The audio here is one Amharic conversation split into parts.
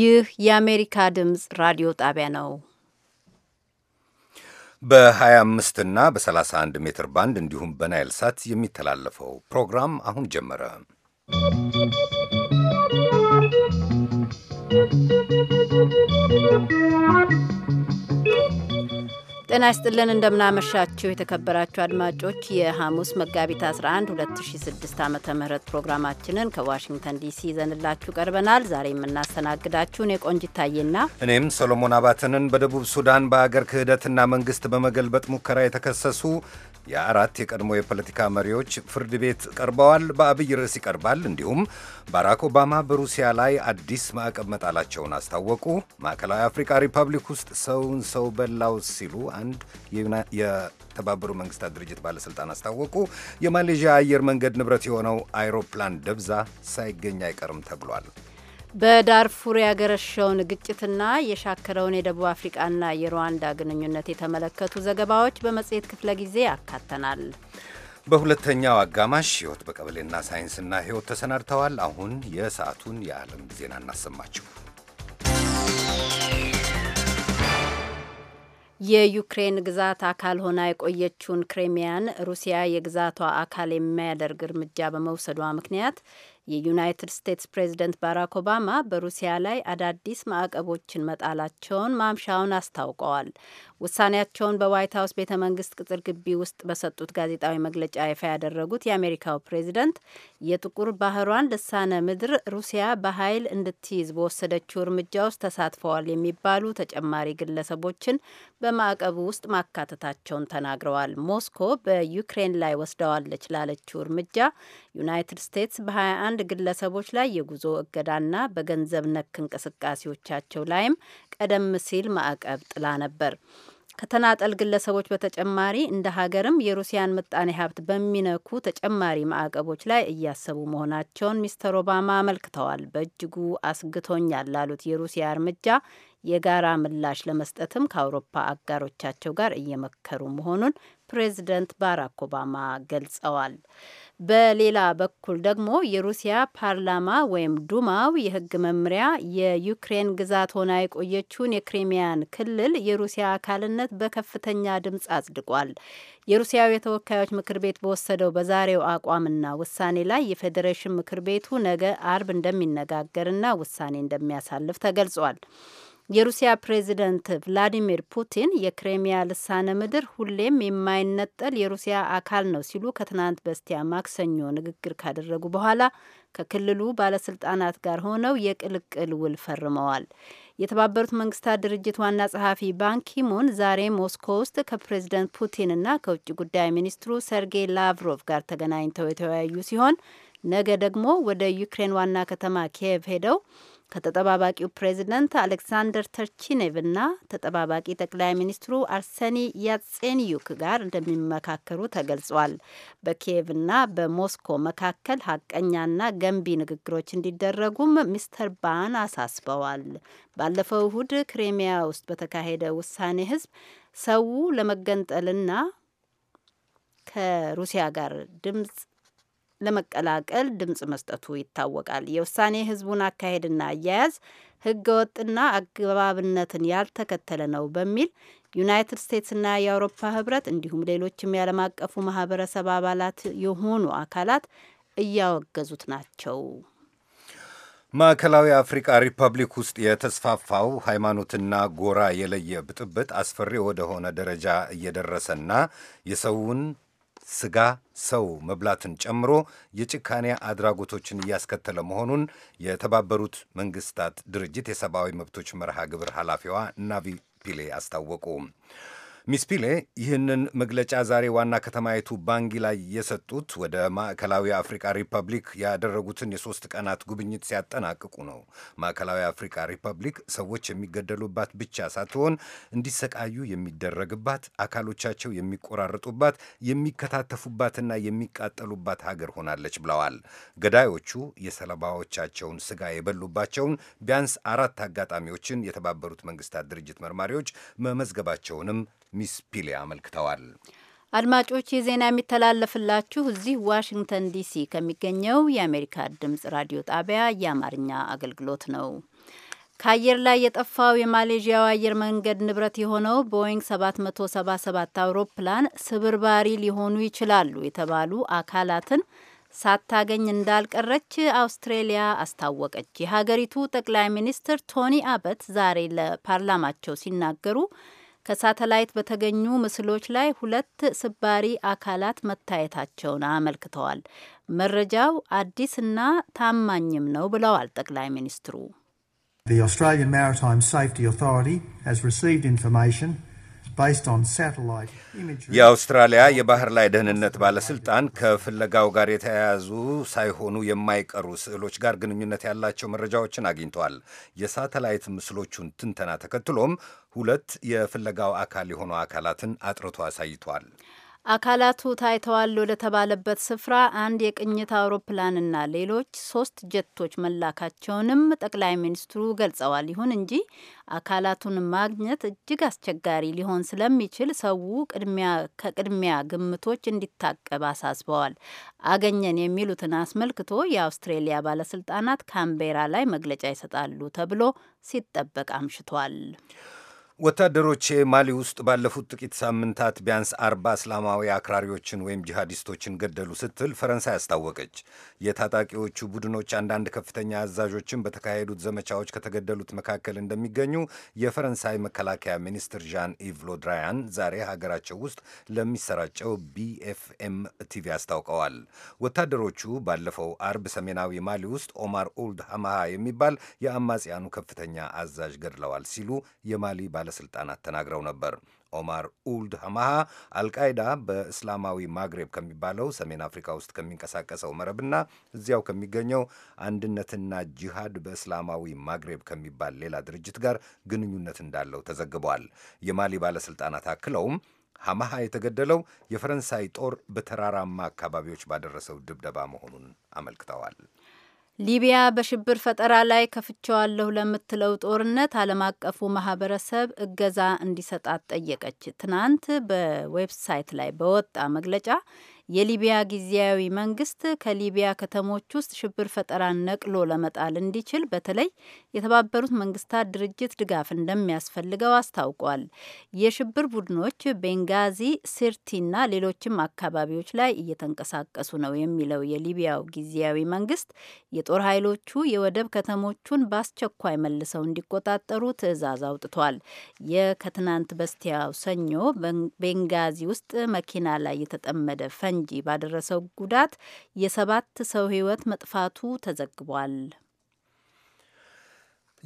ይህ የአሜሪካ ድምፅ ራዲዮ ጣቢያ ነው። በ25 እና በ31 ሜትር ባንድ እንዲሁም በናይል ሳት የሚተላለፈው ፕሮግራም አሁን ጀመረ። ¶¶ ጤና ይስጥልን እንደምናመሻችሁ የተከበራችሁ አድማጮች የሐሙስ መጋቢት 11 2006 ዓ ም ፕሮግራማችንን ከዋሽንግተን ዲሲ ይዘንላችሁ ቀርበናል። ዛሬ የምናስተናግዳችሁን የቆንጅ ታዬና እኔም ሰሎሞን አባተንን በደቡብ ሱዳን በአገር ክህደትና መንግስት በመገልበጥ ሙከራ የተከሰሱ የአራት የቀድሞ የፖለቲካ መሪዎች ፍርድ ቤት ቀርበዋል። በአብይ ርዕስ ይቀርባል። እንዲሁም ባራክ ኦባማ በሩሲያ ላይ አዲስ ማዕቀብ መጣላቸውን አስታወቁ። ማዕከላዊ አፍሪካ ሪፐብሊክ ውስጥ ሰውን ሰው በላው ሲሉ አንድ የተባበሩ መንግስታት ድርጅት ባለሥልጣን አስታወቁ። የማሌዥያ አየር መንገድ ንብረት የሆነው አይሮፕላን ደብዛ ሳይገኝ አይቀርም ተብሏል። በዳርፉር ያገረሸውን ግጭትና የሻከረውን የደቡብ አፍሪቃና የሩዋንዳ ግንኙነት የተመለከቱ ዘገባዎች በመጽሔት ክፍለ ጊዜ ያካተናል። በሁለተኛው አጋማሽ ህይወት በቀበሌና ሳይንስና ህይወት ተሰናድተዋል። አሁን የሰዓቱን የዓለም ዜና እናሰማችሁ። የዩክሬን ግዛት አካል ሆና የቆየችውን ክሬሚያን ሩሲያ የግዛቷ አካል የሚያደርግ እርምጃ በመውሰዷ ምክንያት የዩናይትድ ስቴትስ ፕሬዝደንት ባራክ ኦባማ በሩሲያ ላይ አዳዲስ ማዕቀቦችን መጣላቸውን ማምሻውን አስታውቀዋል። ውሳኔያቸውን በዋይት ሀውስ ቤተ መንግስት ቅጥር ግቢ ውስጥ በሰጡት ጋዜጣዊ መግለጫ ይፋ ያደረጉት የአሜሪካው ፕሬዚደንት የጥቁር ባህሯን ልሳነ ምድር ሩሲያ በኃይል እንድትይዝ በወሰደችው እርምጃ ውስጥ ተሳትፈዋል የሚባሉ ተጨማሪ ግለሰቦችን በማዕቀቡ ውስጥ ማካተታቸውን ተናግረዋል። ሞስኮ በዩክሬን ላይ ወስደዋለች ላለችው እርምጃ ዩናይትድ ስቴትስ በ21 ግለሰቦች ላይ የጉዞ እገዳና በገንዘብ ነክ እንቅስቃሴዎቻቸው ላይም ቀደም ሲል ማዕቀብ ጥላ ነበር። ከተናጠል ግለሰቦች በተጨማሪ እንደ ሀገርም የሩሲያን ምጣኔ ሀብት በሚነኩ ተጨማሪ ማዕቀቦች ላይ እያሰቡ መሆናቸውን ሚስተር ኦባማ አመልክተዋል። በእጅጉ አስግቶኛል ላሉት የሩሲያ እርምጃ የጋራ ምላሽ ለመስጠትም ከአውሮፓ አጋሮቻቸው ጋር እየመከሩ መሆኑን ፕሬዚደንት ባራክ ኦባማ ገልጸዋል። በሌላ በኩል ደግሞ የሩሲያ ፓርላማ ወይም ዱማው የህግ መምሪያ የዩክሬን ግዛት ሆና የቆየችውን የክሪሚያን ክልል የሩሲያ አካልነት በከፍተኛ ድምፅ አጽድቋል። የሩሲያው የተወካዮች ምክር ቤት በወሰደው በዛሬው አቋምና ውሳኔ ላይ የፌዴሬሽን ምክር ቤቱ ነገ አርብ እንደሚነጋገርና ውሳኔ እንደሚያሳልፍ ተገልጿል። የሩሲያ ፕሬዚደንት ቭላዲሚር ፑቲን የክሬሚያ ልሳነ ምድር ሁሌም የማይነጠል የሩሲያ አካል ነው ሲሉ ከትናንት በስቲያ ማክሰኞ ንግግር ካደረጉ በኋላ ከክልሉ ባለስልጣናት ጋር ሆነው የቅልቅል ውል ፈርመዋል። የተባበሩት መንግስታት ድርጅት ዋና ጸሐፊ ባንኪሙን ዛሬ ሞስኮ ውስጥ ከፕሬዚደንት ፑቲንና ከውጭ ጉዳይ ሚኒስትሩ ሰርጌይ ላቭሮቭ ጋር ተገናኝተው የተወያዩ ሲሆን ነገ ደግሞ ወደ ዩክሬን ዋና ከተማ ኪየቭ ሄደው ከተጠባባቂው ፕሬዚደንት አሌክሳንደር ተርቺኔቭና ተጠባባቂ ጠቅላይ ሚኒስትሩ አርሰኒ ያጼንዩክ ጋር እንደሚመካከሩ ተገልጿል። በኪየቭና በሞስኮ መካከል ሀቀኛና ገንቢ ንግግሮች እንዲደረጉም ሚስተር ባን አሳስበዋል። ባለፈው እሁድ ክሬሚያ ውስጥ በተካሄደ ውሳኔ ህዝብ ሰው ለመገንጠልና ከሩሲያ ጋር ድምጽ ለመቀላቀል ድምፅ መስጠቱ ይታወቃል። የውሳኔ ህዝቡን አካሄድና አያያዝ ህገወጥና አግባብነትን ያልተከተለ ነው በሚል ዩናይትድ ስቴትስና የአውሮፓ ህብረት እንዲሁም ሌሎችም የዓለም አቀፉ ማህበረሰብ አባላት የሆኑ አካላት እያወገዙት ናቸው። ማዕከላዊ አፍሪቃ ሪፐብሊክ ውስጥ የተስፋፋው ሃይማኖትና ጎራ የለየ ብጥብጥ አስፈሪ ወደሆነ ደረጃ እየደረሰና የሰውን ስጋ፣ ሰው መብላትን ጨምሮ የጭካኔ አድራጎቶችን እያስከተለ መሆኑን የተባበሩት መንግስታት ድርጅት የሰብአዊ መብቶች መርሃ ግብር ኃላፊዋ ናቪ ፒሌ አስታወቁ። ሚስ ፒሌ ይህንን መግለጫ ዛሬ ዋና ከተማይቱ ባንጊ ላይ የሰጡት ወደ ማዕከላዊ አፍሪካ ሪፐብሊክ ያደረጉትን የሶስት ቀናት ጉብኝት ሲያጠናቅቁ ነው። ማዕከላዊ አፍሪካ ሪፐብሊክ ሰዎች የሚገደሉባት ብቻ ሳትሆን እንዲሰቃዩ የሚደረግባት፣ አካሎቻቸው የሚቆራረጡባት፣ የሚከታተፉባትና የሚቃጠሉባት ሀገር ሆናለች ብለዋል። ገዳዮቹ የሰለባዎቻቸውን ስጋ የበሉባቸውን ቢያንስ አራት አጋጣሚዎችን የተባበሩት መንግስታት ድርጅት መርማሪዎች መመዝገባቸውንም ሚስ ፒሌ አመልክተዋል። አድማጮች የዜና የሚተላለፍላችሁ እዚህ ዋሽንግተን ዲሲ ከሚገኘው የአሜሪካ ድምጽ ራዲዮ ጣቢያ የአማርኛ አገልግሎት ነው። ከአየር ላይ የጠፋው የማሌዥያው አየር መንገድ ንብረት የሆነው ቦይንግ 777 አውሮፕላን ስብርባሪ ሊሆኑ ይችላሉ የተባሉ አካላትን ሳታገኝ እንዳልቀረች አውስትሬሊያ አስታወቀች። የሀገሪቱ ጠቅላይ ሚኒስትር ቶኒ አበት ዛሬ ለፓርላማቸው ሲናገሩ ከሳተላይት በተገኙ ምስሎች ላይ ሁለት ስባሪ አካላት መታየታቸውን አመልክተዋል። መረጃው አዲስና ታማኝም ነው ብለዋል ጠቅላይ ሚኒስትሩ። The Australian Maritime Safety Authority has received information የአውስትራሊያ የባህር ላይ ደህንነት ባለስልጣን ከፍለጋው ጋር የተያያዙ ሳይሆኑ የማይቀሩ ስዕሎች ጋር ግንኙነት ያላቸው መረጃዎችን አግኝተዋል። የሳተላይት ምስሎቹን ትንተና ተከትሎም ሁለት የፍለጋው አካል የሆኑ አካላትን አጥርቶ አሳይቷል። አካላቱ ታይተዋል ወደተባለበት ስፍራ አንድ የቅኝት አውሮፕላንና ሌሎች ሶስት ጀቶች መላካቸውንም ጠቅላይ ሚኒስትሩ ገልጸዋል። ይሁን እንጂ አካላቱን ማግኘት እጅግ አስቸጋሪ ሊሆን ስለሚችል ሰው ቅድሚያ ከቅድሚያ ግምቶች እንዲታቀብ አሳስበዋል። አገኘን የሚሉትን አስመልክቶ የአውስትሬሊያ ባለስልጣናት ካምቤራ ላይ መግለጫ ይሰጣሉ ተብሎ ሲጠበቅ አምሽቷል። ወታደሮች ማሊ ውስጥ ባለፉት ጥቂት ሳምንታት ቢያንስ አርባ እስላማዊ አክራሪዎችን ወይም ጂሃዲስቶችን ገደሉ ስትል ፈረንሳይ አስታወቀች። የታጣቂዎቹ ቡድኖች አንዳንድ ከፍተኛ አዛዦችን በተካሄዱት ዘመቻዎች ከተገደሉት መካከል እንደሚገኙ የፈረንሳይ መከላከያ ሚኒስትር ዣን ኢቭ ሎድራያን ዛሬ ሀገራቸው ውስጥ ለሚሰራጨው ቢኤፍኤም ቲቪ አስታውቀዋል። ወታደሮቹ ባለፈው አርብ ሰሜናዊ ማሊ ውስጥ ኦማር ኡልድ ሀማሃ የሚባል የአማጽያኑ ከፍተኛ አዛዥ ገድለዋል ሲሉ የማሊ ባለሥልጣናት ተናግረው ነበር። ኦማር ኡልድ ሀማሃ አልቃይዳ በእስላማዊ ማግሬብ ከሚባለው ሰሜን አፍሪካ ውስጥ ከሚንቀሳቀሰው መረብና እዚያው ከሚገኘው አንድነትና ጂሃድ በእስላማዊ ማግሬብ ከሚባል ሌላ ድርጅት ጋር ግንኙነት እንዳለው ተዘግቧል። የማሊ ባለሥልጣናት አክለውም ሀማሃ የተገደለው የፈረንሳይ ጦር በተራራማ አካባቢዎች ባደረሰው ድብደባ መሆኑን አመልክተዋል። ሊቢያ በሽብር ፈጠራ ላይ ከፍቸዋለሁ ለምትለው ጦርነት ዓለም አቀፉ ማህበረሰብ እገዛ እንዲሰጣት ጠየቀች። ትናንት በዌብሳይት ላይ በወጣ መግለጫ የሊቢያ ጊዜያዊ መንግስት ከሊቢያ ከተሞች ውስጥ ሽብር ፈጠራን ነቅሎ ለመጣል እንዲችል በተለይ የተባበሩት መንግስታት ድርጅት ድጋፍ እንደሚያስፈልገው አስታውቋል። የሽብር ቡድኖች ቤንጋዚ፣ ሲርቲና ሌሎችም አካባቢዎች ላይ እየተንቀሳቀሱ ነው የሚለው የሊቢያው ጊዜያዊ መንግስት የጦር ኃይሎቹ የወደብ ከተሞቹን በአስቸኳይ መልሰው እንዲቆጣጠሩ ትዕዛዝ አውጥቷል። የከትናንት በስቲያው ሰኞ ቤንጋዚ ውስጥ መኪና ላይ የተጠመደ ፈ ፈንጂ ባደረሰው ጉዳት የሰባት ሰው ህይወት መጥፋቱ ተዘግቧል።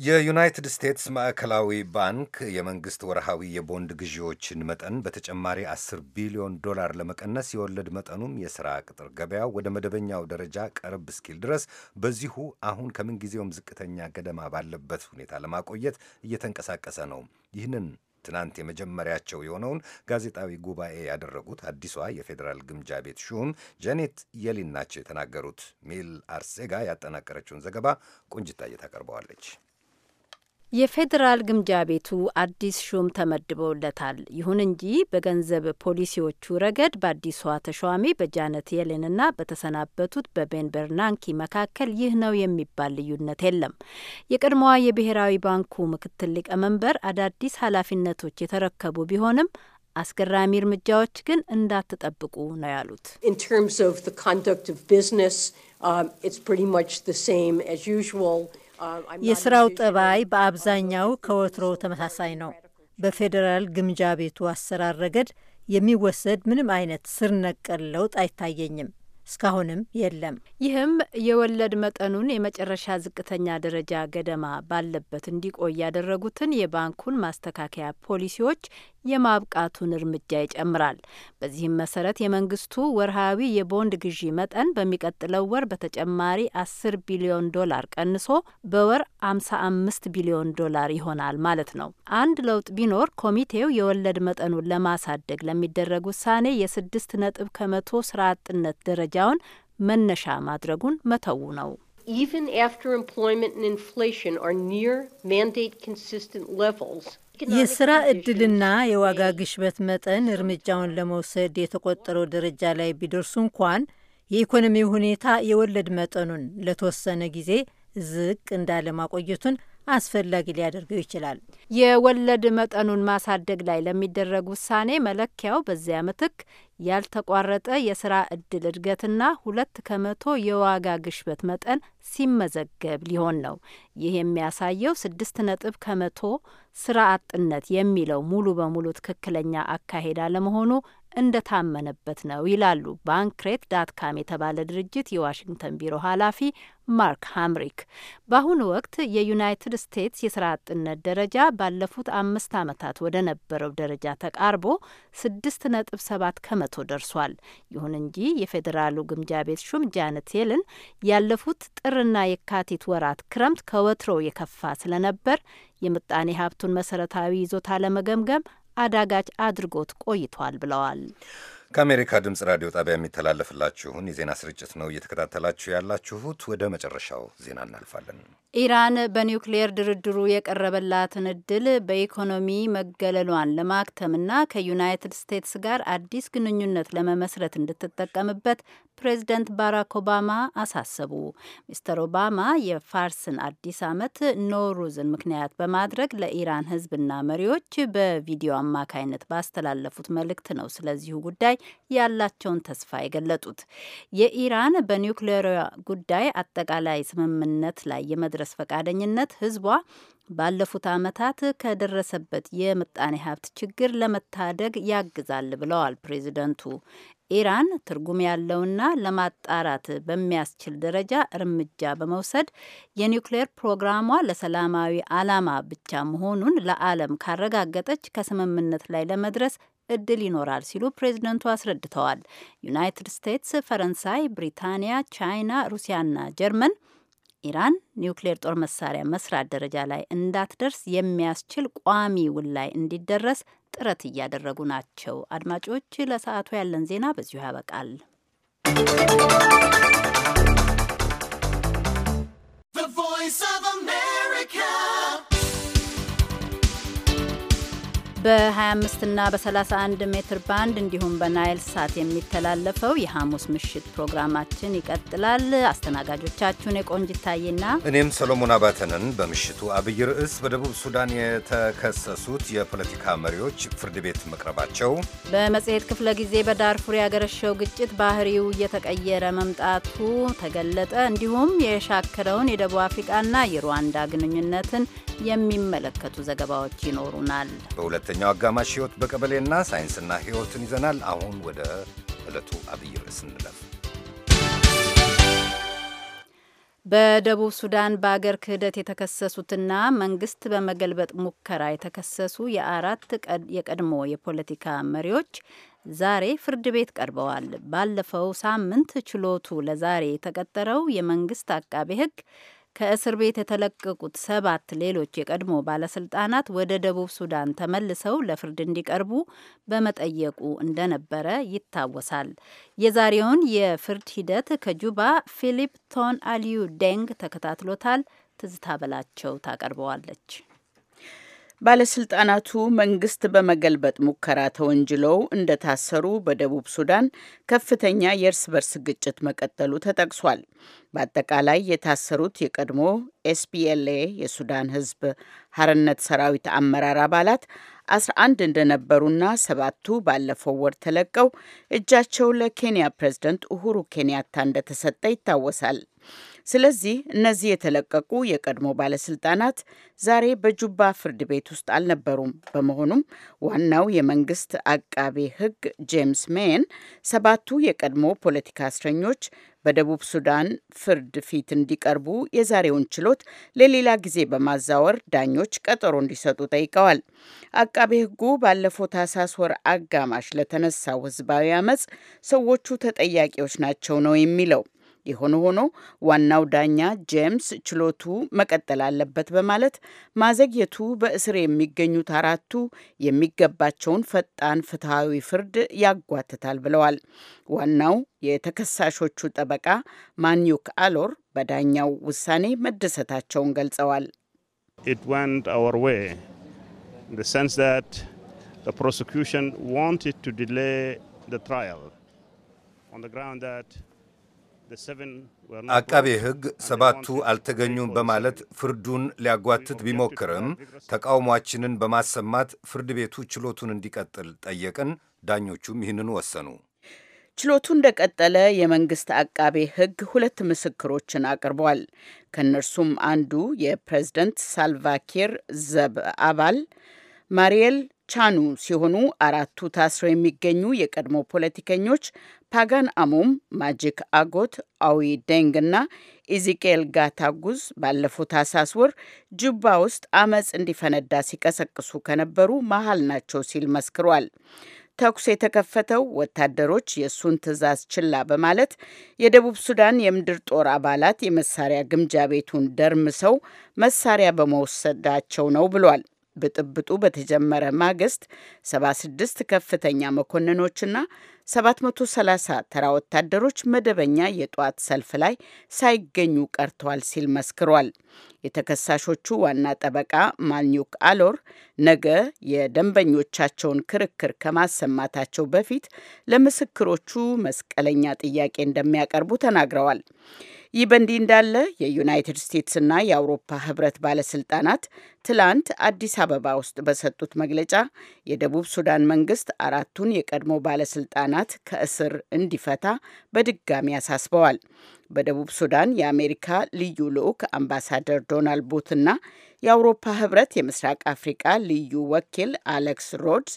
የዩናይትድ ስቴትስ ማዕከላዊ ባንክ የመንግሥት ወርሃዊ የቦንድ ግዢዎችን መጠን በተጨማሪ 10 ቢሊዮን ዶላር ለመቀነስ የወለድ መጠኑም የሥራ ቅጥር ገበያው ወደ መደበኛው ደረጃ ቀርብ እስኪል ድረስ በዚሁ አሁን ከምንጊዜውም ዝቅተኛ ገደማ ባለበት ሁኔታ ለማቆየት እየተንቀሳቀሰ ነው። ይህንን ትናንት የመጀመሪያቸው የሆነውን ጋዜጣዊ ጉባኤ ያደረጉት አዲሷ የፌዴራል ግምጃ ቤት ሹም ጀኔት የሊን ናቸው የተናገሩት። ሚል አርሴጋ ያጠናቀረችውን ዘገባ ቁንጅታ እየታቀርበዋለች። የፌዴራል ግምጃ ቤቱ አዲስ ሹም ተመድበውለታል። ይሁን እንጂ በገንዘብ ፖሊሲዎቹ ረገድ በአዲሷ ተሿሚ በጃነት የሌንና በተሰናበቱት በቤን በርናንኪ መካከል ይህ ነው የሚባል ልዩነት የለም። የቀድሞዋ የብሔራዊ ባንኩ ምክትል ሊቀመንበር አዳዲስ ኃላፊነቶች የተረከቡ ቢሆንም አስገራሚ እርምጃዎች ግን እንዳትጠብቁ ነው ያሉት። ኢን የስራው ጠባይ በአብዛኛው ከወትሮ ተመሳሳይ ነው። በፌዴራል ግምጃ ቤቱ አሰራር ረገድ የሚወሰድ ምንም አይነት ስር ነቀል ለውጥ አይታየኝም። እስካሁንም የለም። ይህም የወለድ መጠኑን የመጨረሻ ዝቅተኛ ደረጃ ገደማ ባለበት እንዲቆይ ያደረጉትን የባንኩን ማስተካከያ ፖሊሲዎች የማብቃቱን እርምጃ ይጨምራል። በዚህም መሰረት የመንግስቱ ወርሃዊ የቦንድ ግዢ መጠን በሚቀጥለው ወር በተጨማሪ 10 ቢሊዮን ዶላር ቀንሶ በወር 55 ቢሊዮን ዶላር ይሆናል ማለት ነው። አንድ ለውጥ ቢኖር ኮሚቴው የወለድ መጠኑን ለማሳደግ ለሚደረግ ውሳኔ የስድስት ነጥብ ከመቶ ስራ አጥነት ደረጃ ጉዳዩን መነሻ ማድረጉን መተው ነው። Even after employment and inflation are near mandate consistent levels, የስራ እድልና የዋጋ ግሽበት መጠን እርምጃውን ለመውሰድ የተቆጠረው ደረጃ ላይ ቢደርሱ እንኳን የኢኮኖሚ ሁኔታ የወለድ መጠኑን ለተወሰነ ጊዜ ዝቅ እንዳለ ማቆየቱን አስፈላጊ ሊያደርገው ይችላል። የወለድ መጠኑን ማሳደግ ላይ ለሚደረግ ውሳኔ መለኪያው በዚያ ምትክ ያልተቋረጠ የስራ እድል እድገትና ሁለት ከመቶ የዋጋ ግሽበት መጠን ሲመዘገብ ሊሆን ነው። ይህ የሚያሳየው ስድስት ነጥብ ከመቶ ስራ አጥነት የሚለው ሙሉ በሙሉ ትክክለኛ አካሄድ አለመሆኑ እንደታመነበት ነው ይላሉ ባንክሬት ዳትካም የተባለ ድርጅት የዋሽንግተን ቢሮ ኃላፊ ማርክ ሃምሪክ። በአሁኑ ወቅት የዩናይትድ ስቴትስ የስራ አጥነት ደረጃ ባለፉት አምስት ዓመታት ወደ ነበረው ደረጃ ተቃርቦ ስድስት ነጥብ ሰባት ከመቶ ደርሷል። ይሁን እንጂ የፌዴራሉ ግምጃ ቤት ሹም ጃነት የልን ያለፉት ጥርና የካቲት ወራት ክረምት ከወትሮ የከፋ ስለነበር የምጣኔ ሀብቱን መሰረታዊ ይዞታ ለመገምገም አዳጋች አድርጎት ቆይቷል ብለዋል። ከአሜሪካ ድምፅ ራዲዮ ጣቢያ የሚተላለፍላችሁን የዜና ስርጭት ነው እየተከታተላችሁ ያላችሁት። ወደ መጨረሻው ዜና እናልፋለን። ኢራን በኒውክሌየር ድርድሩ የቀረበላትን እድል በኢኮኖሚ መገለሏን ለማክተምና ከዩናይትድ ስቴትስ ጋር አዲስ ግንኙነት ለመመስረት እንድትጠቀምበት ፕሬዚደንት ባራክ ኦባማ አሳሰቡ። ሚስተር ኦባማ የፋርስን አዲስ ዓመት ኖሩዝን ምክንያት በማድረግ ለኢራን ሕዝብና መሪዎች በቪዲዮ አማካይነት ባስተላለፉት መልእክት ነው ስለዚሁ ጉዳይ ያላቸውን ተስፋ የገለጡት። የኢራን በኒውክሌር ጉዳይ አጠቃላይ ስምምነት ላይ የመድረ የመድረስ ፈቃደኝነት ህዝቧ ባለፉት ዓመታት ከደረሰበት የምጣኔ ሀብት ችግር ለመታደግ ያግዛል ብለዋል ፕሬዚደንቱ። ኢራን ትርጉም ያለውና ለማጣራት በሚያስችል ደረጃ እርምጃ በመውሰድ የኒውክሌር ፕሮግራሟ ለሰላማዊ ዓላማ ብቻ መሆኑን ለዓለም ካረጋገጠች ከስምምነት ላይ ለመድረስ እድል ይኖራል ሲሉ ፕሬዝደንቱ አስረድተዋል። ዩናይትድ ስቴትስ፣ ፈረንሳይ፣ ብሪታንያ፣ ቻይና፣ ሩሲያና ጀርመን ኢራን ኒውክሌር ጦር መሳሪያ መስራት ደረጃ ላይ እንዳትደርስ የሚያስችል ቋሚ ውል ላይ እንዲደረስ ጥረት እያደረጉ ናቸው። አድማጮች፣ ለሰዓቱ ያለን ዜና በዚሁ ያበቃል። ቮይስ ኦፍ አሜሪካ በ25 እና በ31 ሜትር ባንድ እንዲሁም በናይል ሳት የሚተላለፈው የሐሙስ ምሽት ፕሮግራማችን ይቀጥላል። አስተናጋጆቻችሁን የቆንጂት እኔም ሰሎሞን አባተንን። በምሽቱ አብይ ርዕስ በደቡብ ሱዳን የተከሰሱት የፖለቲካ መሪዎች ፍርድ ቤት መቅረባቸው፣ በመጽሔት ክፍለ ጊዜ በዳርፉር ያገረሸው ግጭት ባህሪው እየተቀየረ መምጣቱ ተገለጠ፣ እንዲሁም የሻከረውን የደቡብ አፍሪቃና የሩዋንዳ ግንኙነትን የሚመለከቱ ዘገባዎች ይኖሩናል። የሁለተኛው አጋማሽ ሕይወት በቀበሌና ሳይንስና ሕይወትን ይዘናል። አሁን ወደ ዕለቱ አብይ ርዕስ እንለፍ። በደቡብ ሱዳን በአገር ክህደት የተከሰሱትና መንግስት በመገልበጥ ሙከራ የተከሰሱ የአራት የቀድሞ የፖለቲካ መሪዎች ዛሬ ፍርድ ቤት ቀርበዋል። ባለፈው ሳምንት ችሎቱ ለዛሬ የተቀጠረው የመንግስት አቃቤ ሕግ ከእስር ቤት የተለቀቁት ሰባት ሌሎች የቀድሞ ባለስልጣናት ወደ ደቡብ ሱዳን ተመልሰው ለፍርድ እንዲቀርቡ በመጠየቁ እንደነበረ ይታወሳል። የዛሬውን የፍርድ ሂደት ከጁባ ፊሊፕ ቶን አሊዩ ዴንግ ተከታትሎታል። ትዝታ በላቸው ታቀርበዋለች። ባለስልጣናቱ መንግስት በመገልበጥ ሙከራ ተወንጅለው እንደታሰሩ በደቡብ ሱዳን ከፍተኛ የእርስ በርስ ግጭት መቀጠሉ ተጠቅሷል። በአጠቃላይ የታሰሩት የቀድሞ ኤስፒኤልኤ የሱዳን ሕዝብ ሀርነት ሰራዊት አመራር አባላት 11 እንደነበሩና ሰባቱ ባለፈው ወር ተለቀው እጃቸው ለኬንያ ፕሬዝደንት ኡሁሩ ኬንያታ እንደተሰጠ ይታወሳል። ስለዚህ እነዚህ የተለቀቁ የቀድሞ ባለስልጣናት ዛሬ በጁባ ፍርድ ቤት ውስጥ አልነበሩም። በመሆኑም ዋናው የመንግስት አቃቤ ሕግ ጄምስ ሜን ሰባቱ የቀድሞ ፖለቲካ እስረኞች በደቡብ ሱዳን ፍርድ ፊት እንዲቀርቡ የዛሬውን ችሎት ለሌላ ጊዜ በማዛወር ዳኞች ቀጠሮ እንዲሰጡ ጠይቀዋል። አቃቤ ሕጉ ባለፈው ታህሳስ ወር አጋማሽ ለተነሳው ህዝባዊ አመፅ ሰዎቹ ተጠያቂዎች ናቸው ነው የሚለው። የሆነ ሆኖ ዋናው ዳኛ ጄምስ ችሎቱ መቀጠል አለበት በማለት ማዘግየቱ በእስር የሚገኙት አራቱ የሚገባቸውን ፈጣን ፍትሐዊ ፍርድ ያጓትታል ብለዋል። ዋናው የተከሳሾቹ ጠበቃ ማንዩክ አሎር በዳኛው ውሳኔ መደሰታቸውን ገልጸዋል። ፕሮሲኪዩሽን ዋንትድ ቱ ዲሌይ ትራያል አቃቤ ሕግ ሰባቱ አልተገኙም በማለት ፍርዱን ሊያጓትት ቢሞክርም ተቃውሟችንን በማሰማት ፍርድ ቤቱ ችሎቱን እንዲቀጥል ጠየቅን። ዳኞቹም ይህንን ወሰኑ። ችሎቱ እንደቀጠለ የመንግስት አቃቤ ሕግ ሁለት ምስክሮችን አቅርቧል። ከእነርሱም አንዱ የፕሬዝደንት ሳልቫኪር ዘብ አባል ማሪየል ቻኑ ሲሆኑ አራቱ ታስረው የሚገኙ የቀድሞ ፖለቲከኞች ፓጋን አሙም፣ ማጂክ አጎት፣ አዊ ደንግ እና ኢዚቄል ጋታጉዝ ባለፈው ታህሳስ ወር ጅባ ውስጥ አመፅ እንዲፈነዳ ሲቀሰቅሱ ከነበሩ መሀል ናቸው ሲል መስክሯል። ተኩስ የተከፈተው ወታደሮች የእሱን ትዕዛዝ ችላ በማለት የደቡብ ሱዳን የምድር ጦር አባላት የመሳሪያ ግምጃ ቤቱን ደርምሰው መሳሪያ በመወሰዳቸው ነው ብሏል። ብጥብጡ በተጀመረ ማግስት 76 ከፍተኛ መኮንኖችና 730 ተራ ወታደሮች መደበኛ የጠዋት ሰልፍ ላይ ሳይገኙ ቀርተዋል ሲል መስክሯል። የተከሳሾቹ ዋና ጠበቃ ማልኒክ አሎር ነገ የደንበኞቻቸውን ክርክር ከማሰማታቸው በፊት ለምስክሮቹ መስቀለኛ ጥያቄ እንደሚያቀርቡ ተናግረዋል። ይህ በእንዲህ እንዳለ የዩናይትድ ስቴትስና የአውሮፓ ህብረት ባለስልጣናት ትላንት አዲስ አበባ ውስጥ በሰጡት መግለጫ የደቡብ ሱዳን መንግስት አራቱን የቀድሞ ባለስልጣናት ከእስር እንዲፈታ በድጋሚ አሳስበዋል። በደቡብ ሱዳን የአሜሪካ ልዩ ልዑክ አምባሳደር ዶናልድ ቡትና የአውሮፓ ህብረት የምስራቅ አፍሪቃ ልዩ ወኪል አሌክስ ሮድስ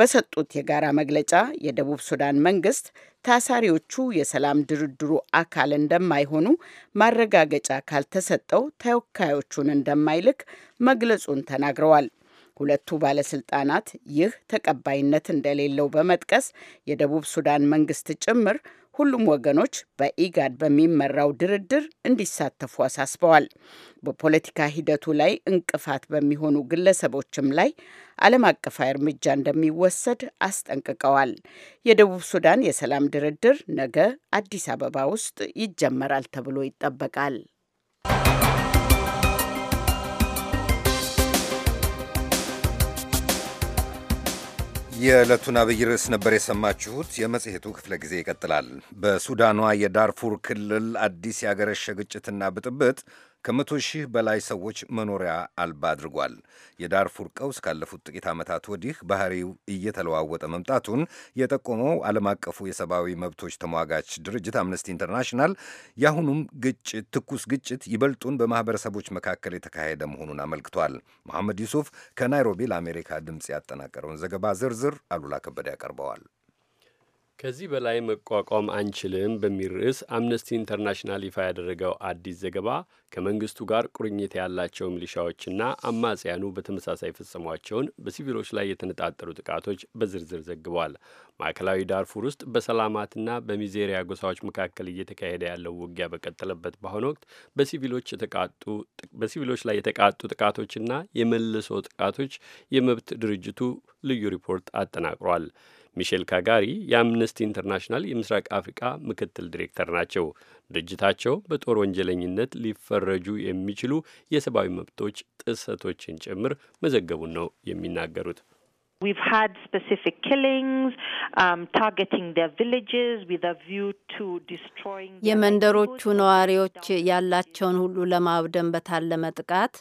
በሰጡት የጋራ መግለጫ የደቡብ ሱዳን መንግስት ታሳሪዎቹ የሰላም ድርድሩ አካል እንደማይሆኑ ማረጋገጫ ካልተሰጠው ተወካዮቹን እንደማይልክ መግለጹን ተናግረዋል። ሁለቱ ባለስልጣናት ይህ ተቀባይነት እንደሌለው በመጥቀስ የደቡብ ሱዳን መንግስት ጭምር ሁሉም ወገኖች በኢጋድ በሚመራው ድርድር እንዲሳተፉ አሳስበዋል። በፖለቲካ ሂደቱ ላይ እንቅፋት በሚሆኑ ግለሰቦችም ላይ ዓለም አቀፋዊ እርምጃ እንደሚወሰድ አስጠንቅቀዋል። የደቡብ ሱዳን የሰላም ድርድር ነገ አዲስ አበባ ውስጥ ይጀመራል ተብሎ ይጠበቃል። የዕለቱን አብይ ርዕስ ነበር የሰማችሁት። የመጽሔቱ ክፍለ ጊዜ ይቀጥላል። በሱዳኗ የዳርፉር ክልል አዲስ ያገረሸ ግጭትና ብጥብጥ ከመቶ ሺህ በላይ ሰዎች መኖሪያ አልባ አድርጓል። የዳርፉር ቀውስ ካለፉት ጥቂት ዓመታት ወዲህ ባህሪው እየተለዋወጠ መምጣቱን የጠቆመው ዓለም አቀፉ የሰብአዊ መብቶች ተሟጋች ድርጅት አምነስቲ ኢንተርናሽናል የአሁኑም ግጭት ትኩስ ግጭት ይበልጡን በማኅበረሰቦች መካከል የተካሄደ መሆኑን አመልክቷል። መሐመድ ዩሱፍ ከናይሮቢ ለአሜሪካ ድምፅ ያጠናቀረውን ዘገባ ዝርዝር አሉላ ከበደ ያቀርበዋል። ከዚህ በላይ መቋቋም አንችልም በሚል ርዕስ አምነስቲ ኢንተርናሽናል ይፋ ያደረገው አዲስ ዘገባ ከመንግስቱ ጋር ቁርኝት ያላቸው ሚሊሻዎችና አማጽያኑ በተመሳሳይ ፈጸሟቸውን በሲቪሎች ላይ የተነጣጠሩ ጥቃቶች በዝርዝር ዘግቧል። ማዕከላዊ ዳርፉር ውስጥ በሰላማትና በሚዜሪያ ጎሳዎች መካከል እየተካሄደ ያለው ውጊያ በቀጠለበት በአሁኑ ወቅት በሲቪሎች ላይ የተቃጡ ጥቃቶችና የመልሶ ጥቃቶች የመብት ድርጅቱ ልዩ ሪፖርት አጠናቅሯል። ሚሼል ካጋሪ የአምነስቲ ኢንተርናሽናል የምስራቅ አፍሪቃ ምክትል ዲሬክተር ናቸው። ድርጅታቸው በጦር ወንጀለኝነት ሊፈረጁ የሚችሉ የሰብአዊ መብቶች ጥሰቶችን ጭምር መዘገቡን ነው የሚናገሩት። We've had specific killings, um, targeting their villages with a view to destroying የመንደሮቹ ነዋሪዎች ያላቸውን ሁሉ ለማውደም በታለመ ጥቃት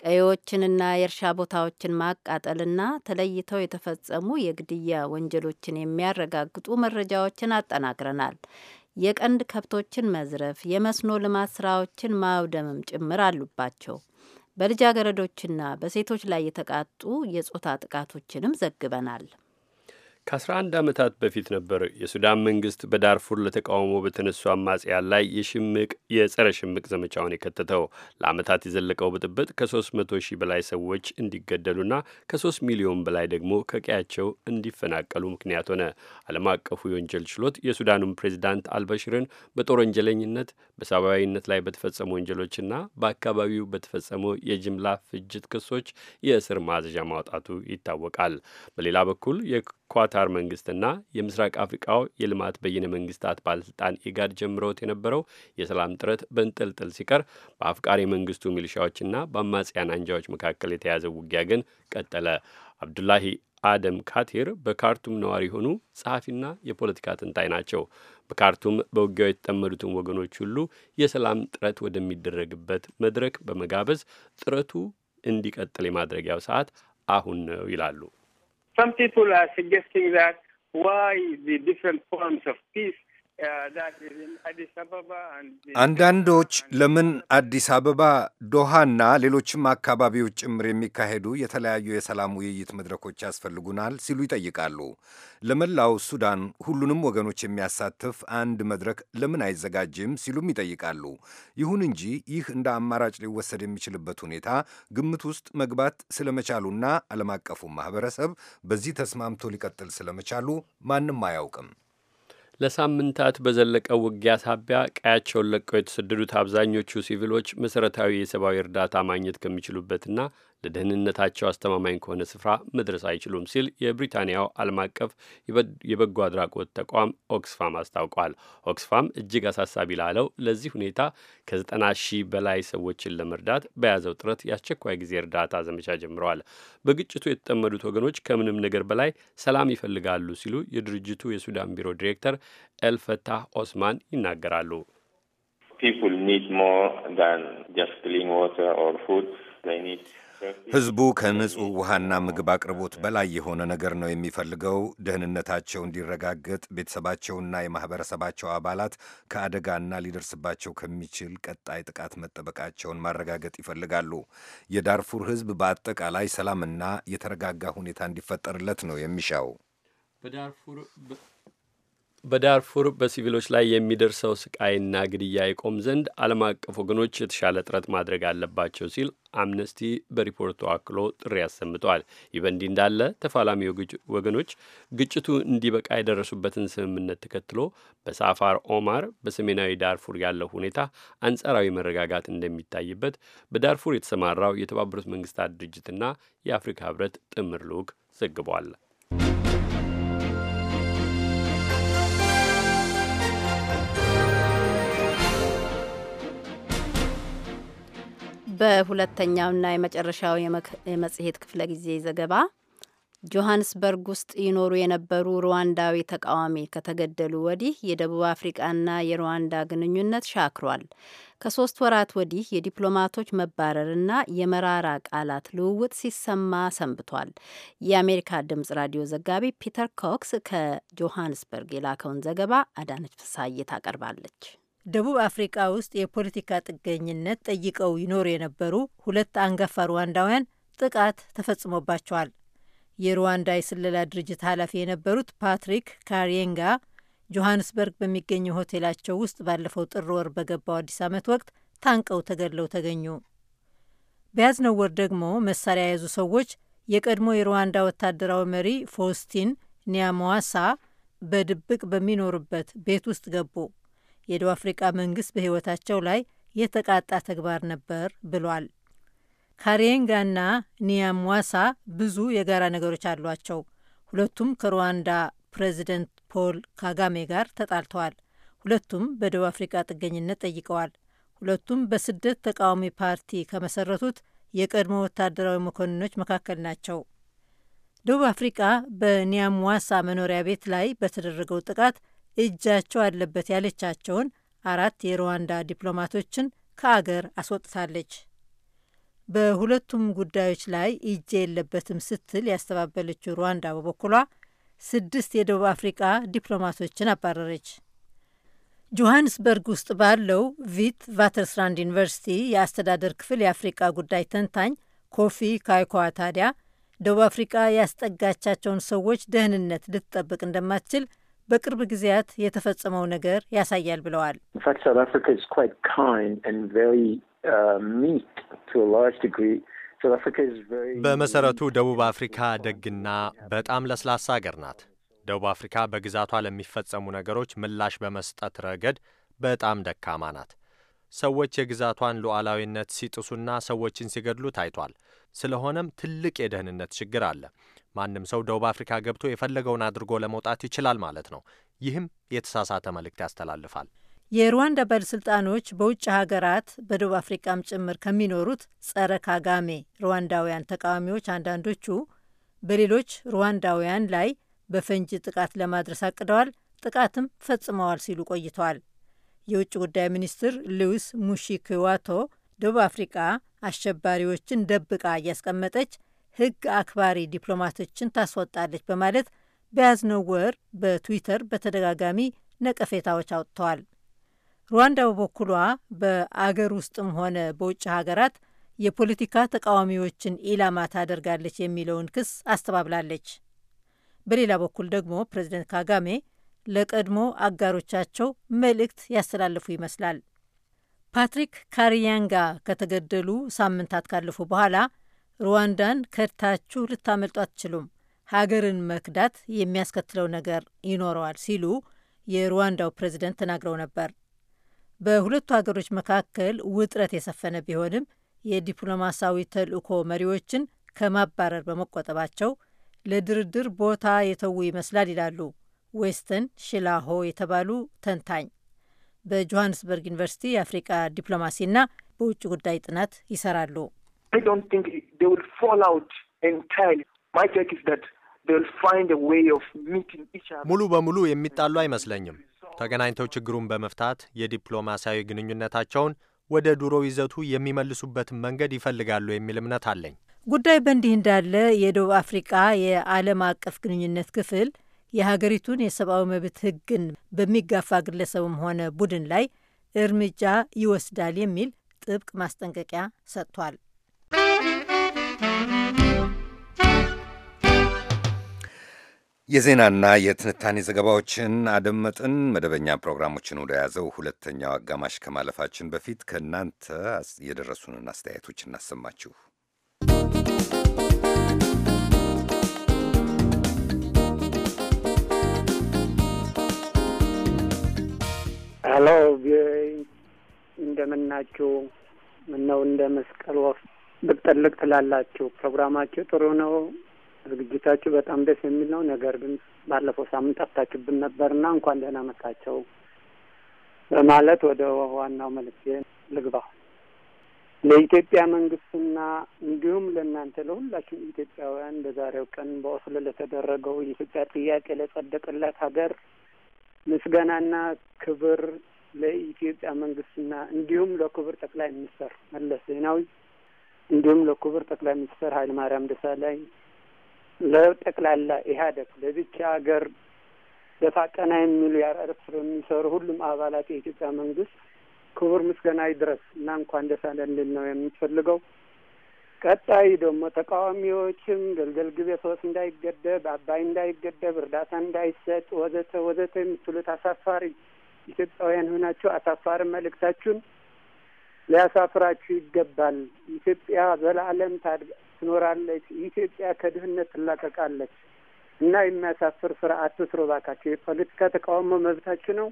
ቀዬዎችንና የእርሻ ቦታዎችን ማቃጠልና ተለይተው የተፈጸሙ የግድያ ወንጀሎችን የሚያረጋግጡ መረጃዎችን አጠናክረናል። የቀንድ ከብቶችን መዝረፍ፣ የመስኖ ልማት ስራዎችን ማውደምም ጭምር አሉባቸው። በልጃገረዶችና በሴቶች ላይ የተቃጡ የጾታ ጥቃቶችንም ዘግበናል። ከ11 ዓመታት በፊት ነበር የሱዳን መንግስት በዳርፉር ለተቃውሞ በተነሱ አማጽያን ላይ የሽምቅ የጸረ ሽምቅ ዘመቻውን የከተተው። ለዓመታት የዘለቀው ብጥብጥ ከ300 ሺህ በላይ ሰዎች እንዲገደሉና ከ3 ሚሊዮን በላይ ደግሞ ከቀያቸው እንዲፈናቀሉ ምክንያት ሆነ። ዓለም አቀፉ የወንጀል ችሎት የሱዳኑን ፕሬዚዳንት አልበሽርን በጦር ወንጀለኝነት በሰብአዊነት ላይ በተፈጸሙ ወንጀሎችና በአካባቢው በተፈጸሙ የጅምላ ፍጅት ክሶች የእስር ማዘዣ ማውጣቱ ይታወቃል። በሌላ በኩል ኳታር መንግስትና የምስራቅ አፍሪቃው የልማት በይነ መንግስታት ባለስልጣን ኢጋድ ጀምረውት የነበረው የሰላም ጥረት በንጥልጥል ሲቀር በአፍቃሪ መንግስቱ ሚሊሻዎችና በአማጽያን አንጃዎች መካከል የተያዘው ውጊያ ግን ቀጠለ። አብዱላሂ አደም ካቲር በካርቱም ነዋሪ የሆኑ ጸሐፊና የፖለቲካ ትንታኝ ናቸው። በካርቱም በውጊያው የተጠመዱትን ወገኖች ሁሉ የሰላም ጥረት ወደሚደረግበት መድረክ በመጋበዝ ጥረቱ እንዲቀጥል የማድረጊያው ሰዓት አሁን ነው ይላሉ። Some people are suggesting that why the different forms of peace አንዳንዶች ለምን አዲስ አበባ፣ ዶሃና ሌሎችም አካባቢዎች ጭምር የሚካሄዱ የተለያዩ የሰላም ውይይት መድረኮች ያስፈልጉናል ሲሉ ይጠይቃሉ። ለመላው ሱዳን ሁሉንም ወገኖች የሚያሳትፍ አንድ መድረክ ለምን አይዘጋጅም ሲሉም ይጠይቃሉ። ይሁን እንጂ ይህ እንደ አማራጭ ሊወሰድ የሚችልበት ሁኔታ ግምት ውስጥ መግባት ስለመቻሉና ዓለም አቀፉ ማህበረሰብ በዚህ ተስማምቶ ሊቀጥል ስለመቻሉ ማንም አያውቅም። ለሳምንታት በዘለቀው ውጊያ ሳቢያ ቀያቸውን ለቀው የተሰደዱት አብዛኞቹ ሲቪሎች መሠረታዊ የሰብአዊ እርዳታ ማግኘት ከሚችሉበትና ለደህንነታቸው አስተማማኝ ከሆነ ስፍራ መድረስ አይችሉም ሲል የብሪታንያው ዓለም አቀፍ የበጎ አድራጎት ተቋም ኦክስፋም አስታውቋል። ኦክስፋም እጅግ አሳሳቢ ላለው ለዚህ ሁኔታ ከዘጠና ሺህ በላይ ሰዎችን ለመርዳት በያዘው ጥረት የአስቸኳይ ጊዜ እርዳታ ዘመቻ ጀምረዋል። በግጭቱ የተጠመዱት ወገኖች ከምንም ነገር በላይ ሰላም ይፈልጋሉ ሲሉ የድርጅቱ የሱዳን ቢሮ ዲሬክተር ኤልፈታህ ኦስማን ይናገራሉ። ፒፕል ኒድ ሞር ዳን ጀስት ክሊን ዋተር ኦር ፉድ ህዝቡ ከንጹሕ ውሃና ምግብ አቅርቦት በላይ የሆነ ነገር ነው የሚፈልገው። ደህንነታቸው እንዲረጋገጥ ቤተሰባቸውና የማኅበረሰባቸው አባላት ከአደጋና ሊደርስባቸው ከሚችል ቀጣይ ጥቃት መጠበቃቸውን ማረጋገጥ ይፈልጋሉ። የዳርፉር ህዝብ በአጠቃላይ ሰላምና የተረጋጋ ሁኔታ እንዲፈጠርለት ነው የሚሻው። በዳርፉር በሲቪሎች ላይ የሚደርሰው ስቃይና ግድያ ይቆም ዘንድ ዓለም አቀፍ ወገኖች የተሻለ ጥረት ማድረግ አለባቸው ሲል አምነስቲ በሪፖርቱ አክሎ ጥሪ አሰምተዋል። ይህ በእንዲህ እንዳለ ተፋላሚ ወገኖች ግጭቱ እንዲበቃ የደረሱበትን ስምምነት ተከትሎ በሳፋር ኦማር በሰሜናዊ ዳርፉር ያለው ሁኔታ አንጻራዊ መረጋጋት እንደሚታይበት በዳርፉር የተሰማራው የተባበሩት መንግስታት ድርጅትና የአፍሪካ ህብረት ጥምር ልዑክ ዘግቧል። በሁለተኛውና የመጨረሻው የመጽሔት ክፍለ ጊዜ ዘገባ ጆሀንስበርግ ውስጥ ይኖሩ የነበሩ ሩዋንዳዊ ተቃዋሚ ከተገደሉ ወዲህ የደቡብ አፍሪቃና የሩዋንዳ ግንኙነት ሻክሯል። ከሶስት ወራት ወዲህ የዲፕሎማቶች መባረርና የመራራ ቃላት ልውውጥ ሲሰማ ሰንብቷል። የአሜሪካ ድምጽ ራዲዮ ዘጋቢ ፒተር ኮክስ ከጆሃንስበርግ የላከውን ዘገባ አዳነች ፍሳዬ ታቀርባለች። ደቡብ አፍሪቃ ውስጥ የፖለቲካ ጥገኝነት ጠይቀው ይኖሩ የነበሩ ሁለት አንጋፋ ሩዋንዳውያን ጥቃት ተፈጽሞባቸዋል። የሩዋንዳ የስለላ ድርጅት ኃላፊ የነበሩት ፓትሪክ ካሪንጋ ጆሐንስበርግ በሚገኘው ሆቴላቸው ውስጥ ባለፈው ጥር ወር በገባው አዲስ ዓመት ወቅት ታንቀው ተገድለው ተገኙ። በያዝነው ወር ደግሞ መሳሪያ የያዙ ሰዎች የቀድሞ የሩዋንዳ ወታደራዊ መሪ ፎስቲን ኒያሞዋሳ በድብቅ በሚኖሩበት ቤት ውስጥ ገቡ። የደቡብ አፍሪቃ መንግስት በህይወታቸው ላይ የተቃጣ ተግባር ነበር ብሏል። ካሬንጋና ኒያምዋሳ ብዙ የጋራ ነገሮች አሏቸው። ሁለቱም ከሩዋንዳ ፕሬዚደንት ፖል ካጋሜ ጋር ተጣልተዋል። ሁለቱም በደቡብ አፍሪቃ ጥገኝነት ጠይቀዋል። ሁለቱም በስደት ተቃዋሚ ፓርቲ ከመሰረቱት የቀድሞ ወታደራዊ መኮንኖች መካከል ናቸው። ደቡብ አፍሪቃ በኒያምዋሳ መኖሪያ ቤት ላይ በተደረገው ጥቃት እጃቸው አለበት ያለቻቸውን አራት የሩዋንዳ ዲፕሎማቶችን ከአገር አስወጥታለች። በሁለቱም ጉዳዮች ላይ እጄ የለበትም ስትል ያስተባበለችው ሩዋንዳ በበኩሏ ስድስት የደቡብ አፍሪቃ ዲፕሎማቶችን አባረረች። ጆሃንስበርግ ውስጥ ባለው ቪት ቫተርስራንድ ዩኒቨርሲቲ የአስተዳደር ክፍል የአፍሪቃ ጉዳይ ተንታኝ ኮፊ ካይኳ ታዲያ ደቡብ አፍሪቃ ያስጠጋቻቸውን ሰዎች ደህንነት ልትጠብቅ እንደማትችል በቅርብ ጊዜያት የተፈጸመው ነገር ያሳያል ብለዋል። uh, በመሰረቱ ደቡብ አፍሪካ ደግና በጣም ለስላሳ አገር ናት። ደቡብ አፍሪካ በግዛቷ ለሚፈጸሙ ነገሮች ምላሽ በመስጠት ረገድ በጣም ደካማ ናት። ሰዎች የግዛቷን ሉዓላዊነት ሲጥሱና ሰዎችን ሲገድሉ ታይቷል። ስለሆነም ትልቅ የደህንነት ችግር አለ። ማንም ሰው ደቡብ አፍሪካ ገብቶ የፈለገውን አድርጎ ለመውጣት ይችላል ማለት ነው። ይህም የተሳሳተ መልእክት ያስተላልፋል። የሩዋንዳ ባለሥልጣኖች በውጭ ሀገራት በደቡብ አፍሪቃም ጭምር ከሚኖሩት ጸረ ካጋሜ ሩዋንዳውያን ተቃዋሚዎች አንዳንዶቹ በሌሎች ሩዋንዳውያን ላይ በፈንጂ ጥቃት ለማድረስ አቅደዋል፣ ጥቃትም ፈጽመዋል ሲሉ ቆይተዋል። የውጭ ጉዳይ ሚኒስትር ሉዊስ ሙሺኪዋቶ ደቡብ አፍሪቃ አሸባሪዎችን ደብቃ እያስቀመጠች ህግ አክባሪ ዲፕሎማቶችን ታስወጣለች በማለት በያዝነው ወር በትዊተር በተደጋጋሚ ነቀፌታዎች አውጥተዋል። ሩዋንዳ በበኩሏ በአገር ውስጥም ሆነ በውጭ ሀገራት የፖለቲካ ተቃዋሚዎችን ኢላማ ታደርጋለች የሚለውን ክስ አስተባብላለች። በሌላ በኩል ደግሞ ፕሬዚደንት ካጋሜ ለቀድሞ አጋሮቻቸው መልእክት ያስተላለፉ ይመስላል። ፓትሪክ ካሪያንጋ ከተገደሉ ሳምንታት ካለፉ በኋላ ሩዋንዳን ከድታችሁ ልታመልጡ አትችሉም፣ ሀገርን መክዳት የሚያስከትለው ነገር ይኖረዋል ሲሉ የሩዋንዳው ፕሬዚደንት ተናግረው ነበር። በሁለቱ ሀገሮች መካከል ውጥረት የሰፈነ ቢሆንም የዲፕሎማሲያዊ ተልእኮ መሪዎችን ከማባረር በመቆጠባቸው ለድርድር ቦታ የተዉ ይመስላል ይላሉ ዌስተን ሽላሆ የተባሉ ተንታኝ። በጆሃንስበርግ ዩኒቨርሲቲ የአፍሪቃ ዲፕሎማሲና በውጭ ጉዳይ ጥናት ይሰራሉ። ሙሉ በሙሉ የሚጣሉ አይመስለኝም። ተገናኝተው ችግሩን በመፍታት የዲፕሎማሲያዊ ግንኙነታቸውን ወደ ድሮ ይዘቱ የሚመልሱበትን መንገድ ይፈልጋሉ የሚል እምነት አለኝ። ጉዳይ በእንዲህ እንዳለ የደቡብ አፍሪቃ የዓለም አቀፍ ግንኙነት ክፍል የሀገሪቱን የሰብአዊ መብት ህግን በሚጋፋ ግለሰብም ሆነ ቡድን ላይ እርምጃ ይወስዳል የሚል ጥብቅ ማስጠንቀቂያ ሰጥቷል። የዜናና የትንታኔ ዘገባዎችን አደመጥን። መደበኛ ፕሮግራሞችን ወደ ያዘው ሁለተኛው አጋማሽ ከማለፋችን በፊት ከእናንተ የደረሱንን አስተያየቶች እናሰማችሁ። ሀሎ እንደምናችሁ ምነው እንደ መስቀል ወፍ ብቅ ጥልቅ ትላላችሁ። ፕሮግራማችሁ ጥሩ ነው። ዝግጅታችሁ በጣም ደስ የሚል ነው። ነገር ግን ባለፈው ሳምንት ጠፍታችሁብን ነበርና እንኳን ደህና መታቸው በማለት ወደ ዋናው መልክ ልግባ። ለኢትዮጵያ መንግስትና እንዲሁም ለእናንተ ለሁላችሁም ኢትዮጵያውያን በዛሬው ቀን በኦስሎ ለተደረገው የኢትዮጵያ ጥያቄ ለጸደቅለት ሀገር ምስጋናና ክብር ለኢትዮጵያ መንግስትና እንዲሁም ለክቡር ጠቅላይ ሚኒስተር መለስ ዜናዊ እንዲሁም ለክቡር ጠቅላይ ሚኒስተር ኃይለ ማርያም ደሳለኝ ለጠቅላላ ኢህአዴግ ለዚች ሀገር ደፋ ቀና የሚሉ ያረርፍ የሚሰሩ ሁሉም አባላት የኢትዮጵያ መንግስት ክቡር ምስጋና ድረስ እና እንኳን ደስ አለን ነው የምትፈልገው። ቀጣይ ደግሞ ተቃዋሚዎችም ገልገል ግቤ ሶስት እንዳይገደብ፣ አባይ እንዳይገደብ፣ እርዳታ እንዳይሰጥ ወዘተ ወዘተ የምትሉት አሳፋሪ ኢትዮጵያውያን ሆናችሁ አሳፋሪ መልእክታችሁን ሊያሳፍራችሁ ይገባል። ኢትዮጵያ ዘላለም ትኖራለች። ኢትዮጵያ ከድህነት ትላቀቃለች እና የሚያሳፍር ስራ አትስሩ እባካችሁ። የፖለቲካ ተቃውሞ መብታችሁ ነው።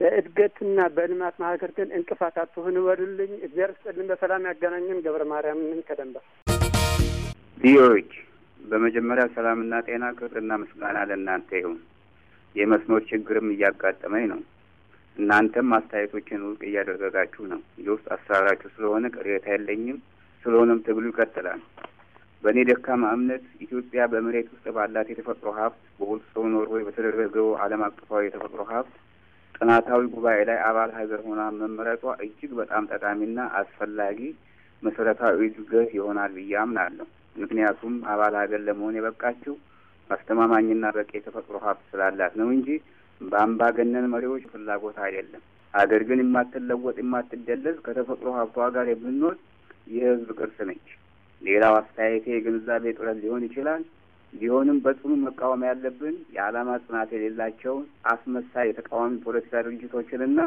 በእድገትና በልማት መካከል ግን እንቅፋት አትሁን ወልልኝ። እግዚአብሔር ይስጥልን፣ በሰላም ያገናኘን። ገብረ ማርያም ከደንበር። ቪኦኤዎች በመጀመሪያ ሰላምና ጤና ክብርና ምስጋና ለእናንተ ይሁን። የመስኖር ችግርም እያጋጠመኝ ነው። እናንተም አስተያየቶችን ውድቅ እያደረጋችሁ ነው። የውስጥ አሰራራችሁ ስለሆነ ቅሬታ የለኝም። ስለሆነም ትግሉ ይቀጥላል። በእኔ ደካማ እምነት ኢትዮጵያ በመሬት ውስጥ ባላት የተፈጥሮ ሀብት በውልሶ ኖርዌይ በተደረገው ዓለም አቀፋዊ የተፈጥሮ ሀብት ጥናታዊ ጉባኤ ላይ አባል ሀገር ሆና መመረጧ እጅግ በጣም ጠቃሚና አስፈላጊ መሰረታዊ እድገት ይሆናል ብዬ አምናለሁ። ምክንያቱም አባል ሀገር ለመሆን የበቃችው አስተማማኝና በቂ የተፈጥሮ ሀብት ስላላት ነው እንጂ በአምባገነን መሪዎች ፍላጎት አይደለም። ሀገር ግን የማትለወጥ የማትደለዝ ከተፈጥሮ ሀብቷ ጋር የምንኖር የህዝብ ቅርስ ነች። ሌላው አስተያየቴ የግንዛቤ ጥረት ሊሆን ይችላል። ቢሆንም በጽኑ መቃወም ያለብን የዓላማ ጽናት የሌላቸውን አስመሳይ የተቃዋሚ ፖለቲካ ድርጅቶችንና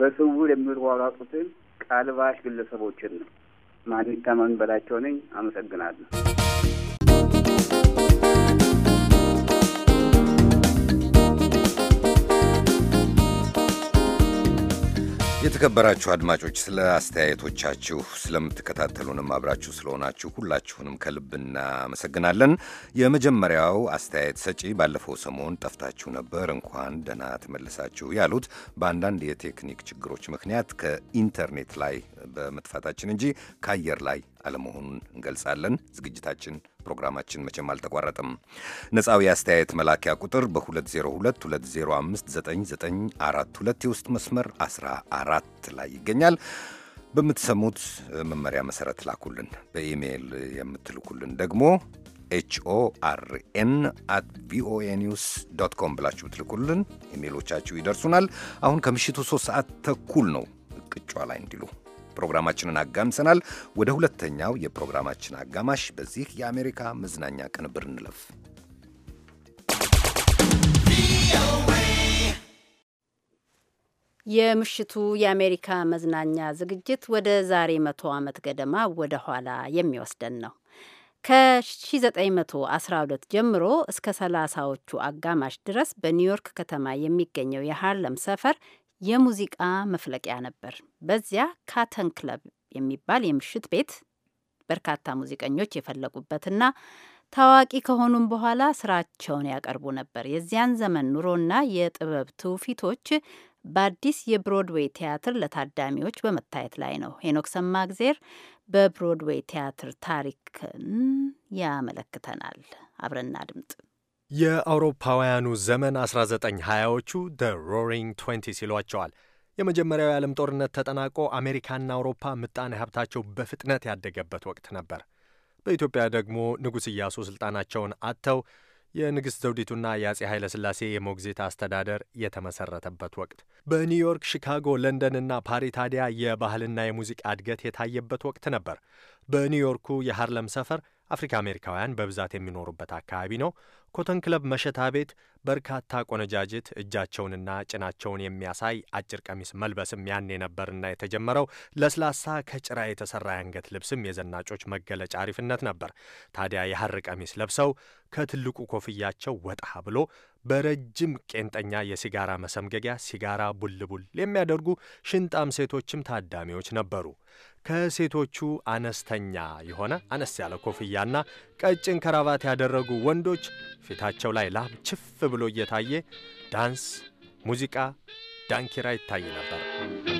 በስውር የሚሯሯጡትን ቀልባሽ ግለሰቦችን ነው። ማንታ በላቸው ነኝ። አመሰግናለሁ። የተከበራችሁ አድማጮች ስለ አስተያየቶቻችሁ ስለምትከታተሉንም አብራችሁ ስለሆናችሁ ሁላችሁንም ከልብ እናመሰግናለን። የመጀመሪያው አስተያየት ሰጪ ባለፈው ሰሞን ጠፍታችሁ ነበር፣ እንኳን ደህና ተመልሳችሁ ያሉት በአንዳንድ የቴክኒክ ችግሮች ምክንያት ከኢንተርኔት ላይ በመጥፋታችን እንጂ ከአየር ላይ አለመሆኑን እንገልጻለን። ዝግጅታችን ፕሮግራማችን መቼም አልተቋረጠም። ነፃው የአስተያየት መላኪያ ቁጥር በ2022059942 የውስጥ መስመር 14 ላይ ይገኛል። በምትሰሙት መመሪያ መሰረት ላኩልን። በኢሜይል የምትልኩልን ደግሞ ኤችኦአርኤን አት ቪኦኤ ኒውስ ዶት ኮም ብላችሁ ብትልኩልን ኢሜይሎቻችሁ ይደርሱናል። አሁን ከምሽቱ ሶስት ሰዓት ተኩል ነው። ቅጯ ላይ እንዲሉ ፕሮግራማችንን አጋምሰናል። ወደ ሁለተኛው የፕሮግራማችን አጋማሽ በዚህ የአሜሪካ መዝናኛ ቅንብር እንለፍ። የምሽቱ የአሜሪካ መዝናኛ ዝግጅት ወደ ዛሬ መቶ ዓመት ገደማ ወደ ኋላ የሚወስደን ነው። ከ1912 ጀምሮ እስከ 30ዎቹ አጋማሽ ድረስ በኒውዮርክ ከተማ የሚገኘው የሃርለም ሰፈር የሙዚቃ መፍለቂያ ነበር። በዚያ ካተን ክለብ የሚባል የምሽት ቤት በርካታ ሙዚቀኞች የፈለቁበትና ታዋቂ ከሆኑም በኋላ ስራቸውን ያቀርቡ ነበር። የዚያን ዘመን ኑሮና የጥበብ ትውፊቶች በአዲስ የብሮድዌይ ቲያትር ለታዳሚዎች በመታየት ላይ ነው። ሄኖክ ሰማእግዜር በብሮድዌይ ቲያትር ታሪክን ያመለክተናል። አብረና ድምጥ የአውሮፓውያኑ ዘመን 1920ዎቹ ደ ሮሪንግ 20 ሲሏቸዋል። የመጀመሪያው የዓለም ጦርነት ተጠናቆ አሜሪካና አውሮፓ ምጣኔ ሀብታቸው በፍጥነት ያደገበት ወቅት ነበር። በኢትዮጵያ ደግሞ ንጉሥ እያሱ ሥልጣናቸውን አጥተው የንግሥት ዘውዲቱና የአጼ ኃይለ ሥላሴ የሞግዚት አስተዳደር የተመሠረተበት ወቅት፣ በኒውዮርክ፣ ሺካጎ፣ ለንደንና ፓሪ ታዲያ የባህልና የሙዚቃ እድገት የታየበት ወቅት ነበር። በኒውዮርኩ የሃርለም ሰፈር አፍሪካ አሜሪካውያን በብዛት የሚኖሩበት አካባቢ ነው። ኮተን ክለብ መሸታ ቤት በርካታ ቆነጃጅት እጃቸውንና ጭናቸውን የሚያሳይ አጭር ቀሚስ መልበስም ያኔ ነበርና የተጀመረው ለስላሳ ከጭራ የተሰራ የአንገት ልብስም የዘናጮች መገለጫ አሪፍነት ነበር። ታዲያ የሐር ቀሚስ ለብሰው ከትልቁ ኮፍያቸው ወጣ ብሎ በረጅም ቄንጠኛ የሲጋራ መሰምገጊያ ሲጋራ ቡልቡል የሚያደርጉ ሽንጣም ሴቶችም ታዳሚዎች ነበሩ። ከሴቶቹ አነስተኛ የሆነ አነስ ያለ ኮፍያና ቀጭን ከራባት ያደረጉ ወንዶች ፊታቸው ላይ ላብ ችፍ ብሎ እየታየ ዳንስ፣ ሙዚቃ፣ ዳንኪራ ይታይ ነበር።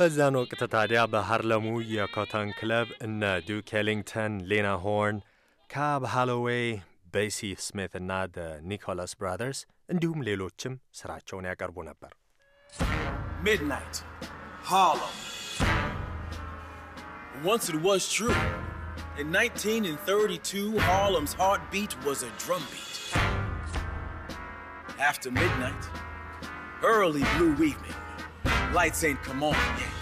በዛን ወቅት ታዲያ በሃርለሙ የኮተን ክለብ እነ ዱክ ኤሊንግተን፣ ሌና ሆርን፣ ካብ ሃሎዌይ፣ ቤሲ ስሚት እና ደ ኒኮላስ ብራዘርስ እንዲሁም ሌሎችም ስራቸውን ያቀርቡ ነበር። ሚድናይት ሃርለም Once it was true. In 1932, Harlem's heartbeat was a drumbeat. After midnight, early blue evening. Lights ain't come on yet.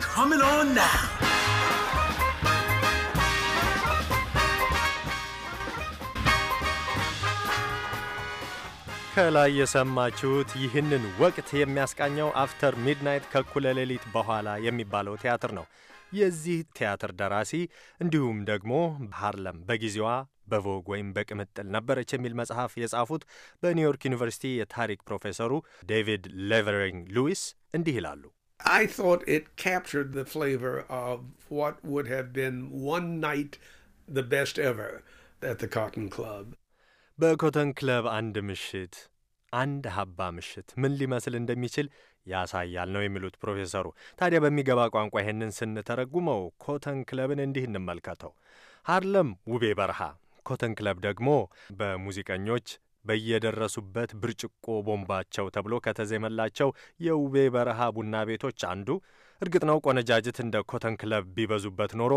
Coming on now. ከላይ የሰማችሁት ይህንን ወቅት የሚያስቃኘው አፍተር ሚድናይት ከእኩለ ሌሊት በኋላ የሚባለው ቲያትር ነው። የዚህ ቲያትር ደራሲ እንዲሁም ደግሞ ሃርለም በጊዜዋ በቮግ ወይም በቅምጥል ነበረች የሚል መጽሐፍ የጻፉት በኒውዮርክ ዩኒቨርሲቲ የታሪክ ፕሮፌሰሩ ዴቪድ ሌቨሪንግ ሉዊስ እንዲህ ይላሉ። I thought it captured the flavor of what would have been one night the best ever at the Cotton Club. በኮተን ክለብ አንድ ምሽት አንድ ሀባ ምሽት ምን ሊመስል እንደሚችል ያሳያል ነው የሚሉት ፕሮፌሰሩ። ታዲያ በሚገባ ቋንቋ ይህንን ስንተረጉመው ኮተን ክለብን እንዲህ እንመልከተው። ሃርለም ውቤ በረሃ ኮተን ክለብ ደግሞ በሙዚቀኞች በየደረሱበት ብርጭቆ ቦምባቸው ተብሎ ከተዜመላቸው የውቤ በረሃ ቡና ቤቶች አንዱ። እርግጥ ነው ቆነጃጅት እንደ ኮተን ክለብ ቢበዙበት ኖሮ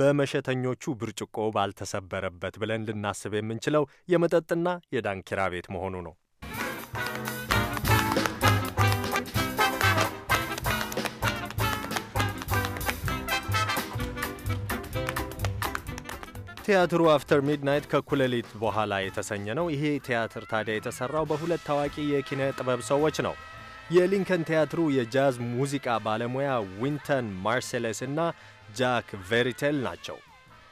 በመሸተኞቹ ብርጭቆ ባልተሰበረበት ብለን ልናስብ የምንችለው የመጠጥና የዳንኪራ ቤት መሆኑ ነው። ቲያትሩ አፍተር ሚድናይት ከኩለሊት በኋላ የተሰኘ ነው። ይሄ ቲያትር ታዲያ የተሠራው በሁለት ታዋቂ የኪነ ጥበብ ሰዎች ነው። የሊንከን ቲያትሩ የጃዝ ሙዚቃ ባለሙያ ዊንተን ማርሴለስ እና ጃክ ቬሪቴል ናቸው።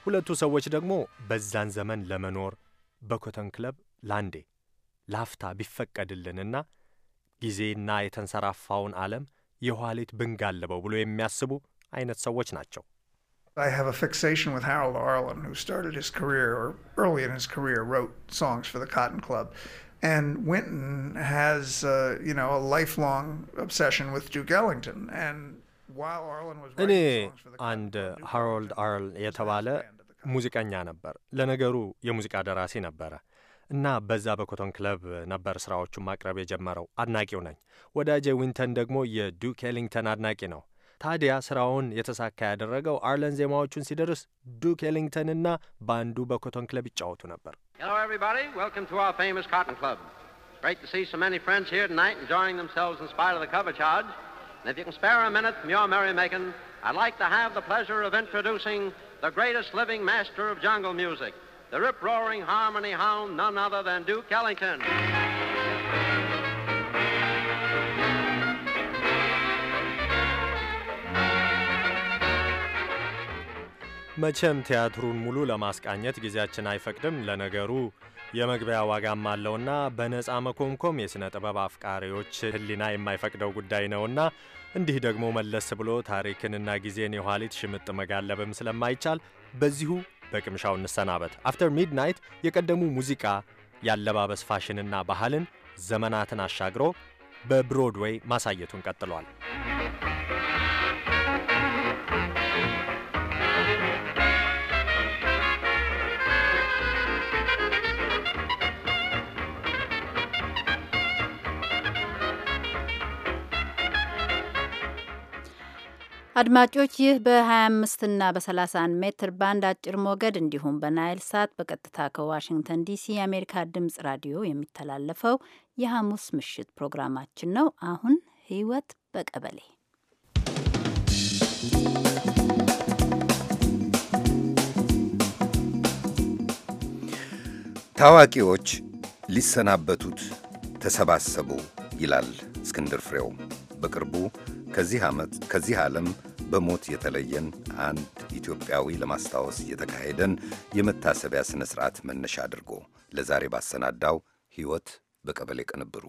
ሁለቱ ሰዎች ደግሞ በዛን ዘመን ለመኖር በኮተን ክለብ ላንዴ ላፍታ ቢፈቀድልንና ጊዜና የተንሰራፋውን ዓለም የኋሊት ብንጋለበው ብሎ የሚያስቡ አይነት ሰዎች ናቸው። I have a fixation with Harold Arlen, who started his career or early in his career wrote songs for the Cotton Club. And Winton has, uh, you know, a lifelong obsession with Duke Ellington. And while Arlen was እኔ አንድ ሃሮልድ አርል የተባለ ሙዚቀኛ ነበር። ለነገሩ የሙዚቃ ደራሲ ነበረ እና በዛ በኮተን ክለብ ነበር ስራዎቹን ማቅረብ የጀመረው። አድናቂው ነኝ። ወዳጄ ዊንተን ደግሞ የዱክ ኤሊንግተን አድናቂ ነው። Hello, everybody. Welcome to to our famous Cotton Club. Great see so many friends here tonight, enjoying themselves in spite ታዲያ ስራውን የተሳካ ያደረገው አርለን ዜማዎቹን ሲደርስ ዱክ ኤሊንግተንና ባንዱ በኮተን ክለብ ይጫወቱ ነበር። I'd like to have the pleasure of introducing the greatest living master of jungle music, the rip-roaring harmony hound, none other than Duke Ellington. መቼም ቲያትሩን ሙሉ ለማስቃኘት ጊዜያችን አይፈቅድም። ለነገሩ የመግቢያ ዋጋም አለውና በነፃ መኮምኮም የሥነ ጥበብ አፍቃሪዎች ሕሊና የማይፈቅደው ጉዳይ ነውና እንዲህ ደግሞ መለስ ብሎ ታሪክንና ጊዜን የኋሊት ሽምጥ መጋለብም ስለማይቻል በዚሁ በቅምሻው እንሰናበት። አፍተር ሚድናይት የቀደሙ ሙዚቃ፣ ያለባበስ ፋሽንና ባህልን ዘመናትን አሻግሮ በብሮድዌይ ማሳየቱን ቀጥሏል። አድማጮች ይህ በ25 እና በ31 ሜትር ባንድ አጭር ሞገድ እንዲሁም በናይል ሳት በቀጥታ ከዋሽንግተን ዲሲ የአሜሪካ ድምጽ ራዲዮ የሚተላለፈው የሐሙስ ምሽት ፕሮግራማችን ነው። አሁን ህይወት በቀበሌ ታዋቂዎች ሊሰናበቱት ተሰባሰቡ ይላል እስክንድር ፍሬው በቅርቡ ከዚህ ከዚህ ዓለም በሞት የተለየን አንድ ኢትዮጵያዊ ለማስታወስ የተካሄደን የመታሰቢያ ሥነ ሥርዓት መነሻ አድርጎ ለዛሬ ባሰናዳው ሕይወት በቀበሌ ቅንብሩ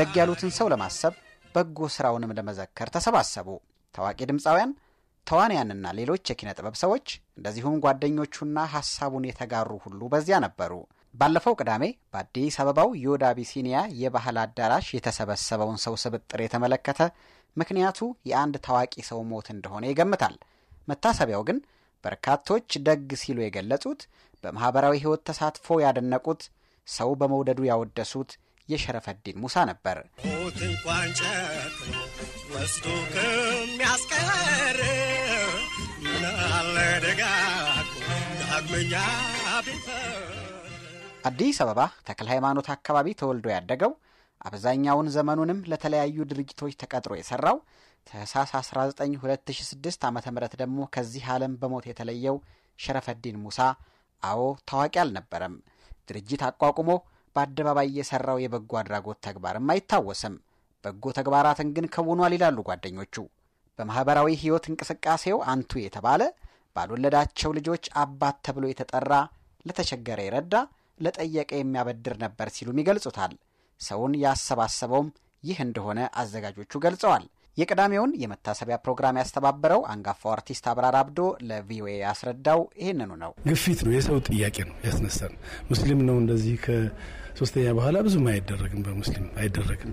ደግ ያሉትን ሰው ለማሰብ በጎ ስራውንም ለመዘከር ተሰባሰቡ። ታዋቂ ድምፃውያን፣ ተዋንያንና ሌሎች የኪነ ጥበብ ሰዎች እንደዚሁም ጓደኞቹና ሀሳቡን የተጋሩ ሁሉ በዚያ ነበሩ። ባለፈው ቅዳሜ በአዲስ አበባው ዮድ አቢሲኒያ የባህል አዳራሽ የተሰበሰበውን ሰው ስብጥር የተመለከተ ምክንያቱ የአንድ ታዋቂ ሰው ሞት እንደሆነ ይገምታል። መታሰቢያው ግን በርካቶች ደግ ሲሉ የገለጹት፣ በማኅበራዊ ሕይወት ተሳትፎ ያደነቁት፣ ሰው በመውደዱ ያወደሱት የሸረፈዲን ሙሳ ነበር። ወስዶ ከሚያስቀር አዲስ አበባ ተክለ ሃይማኖት አካባቢ ተወልዶ ያደገው አብዛኛውን ዘመኑንም ለተለያዩ ድርጅቶች ተቀጥሮ የሰራው ተሳስ 19 2006 ዓ ም ደግሞ ከዚህ ዓለም በሞት የተለየው ሸረፈዲን ሙሳ አዎ ታዋቂ አልነበረም። ድርጅት አቋቁሞ በአደባባይ የሰራው የበጎ አድራጎት ተግባርም አይታወስም። በጎ ተግባራትን ግን ከውኗል ይላሉ ጓደኞቹ። በማህበራዊ ህይወት እንቅስቃሴው አንቱ የተባለ ባልወለዳቸው ልጆች አባት ተብሎ የተጠራ ለተቸገረ የረዳ ለጠየቀ የሚያበድር ነበር ሲሉም ይገልጹታል። ሰውን ያሰባሰበውም ይህ እንደሆነ አዘጋጆቹ ገልጸዋል። የቅዳሜውን የመታሰቢያ ፕሮግራም ያስተባበረው አንጋፋው አርቲስት አብራር አብዶ ለቪኦኤ ያስረዳው ይህንኑ ነው። ግፊት ነው፣ የሰው ጥያቄ ነው ያስነሳን። ሙስሊም ነው እንደዚህ ከሶስተኛ በኋላ ብዙም አይደረግም፣ በሙስሊም አይደረግም።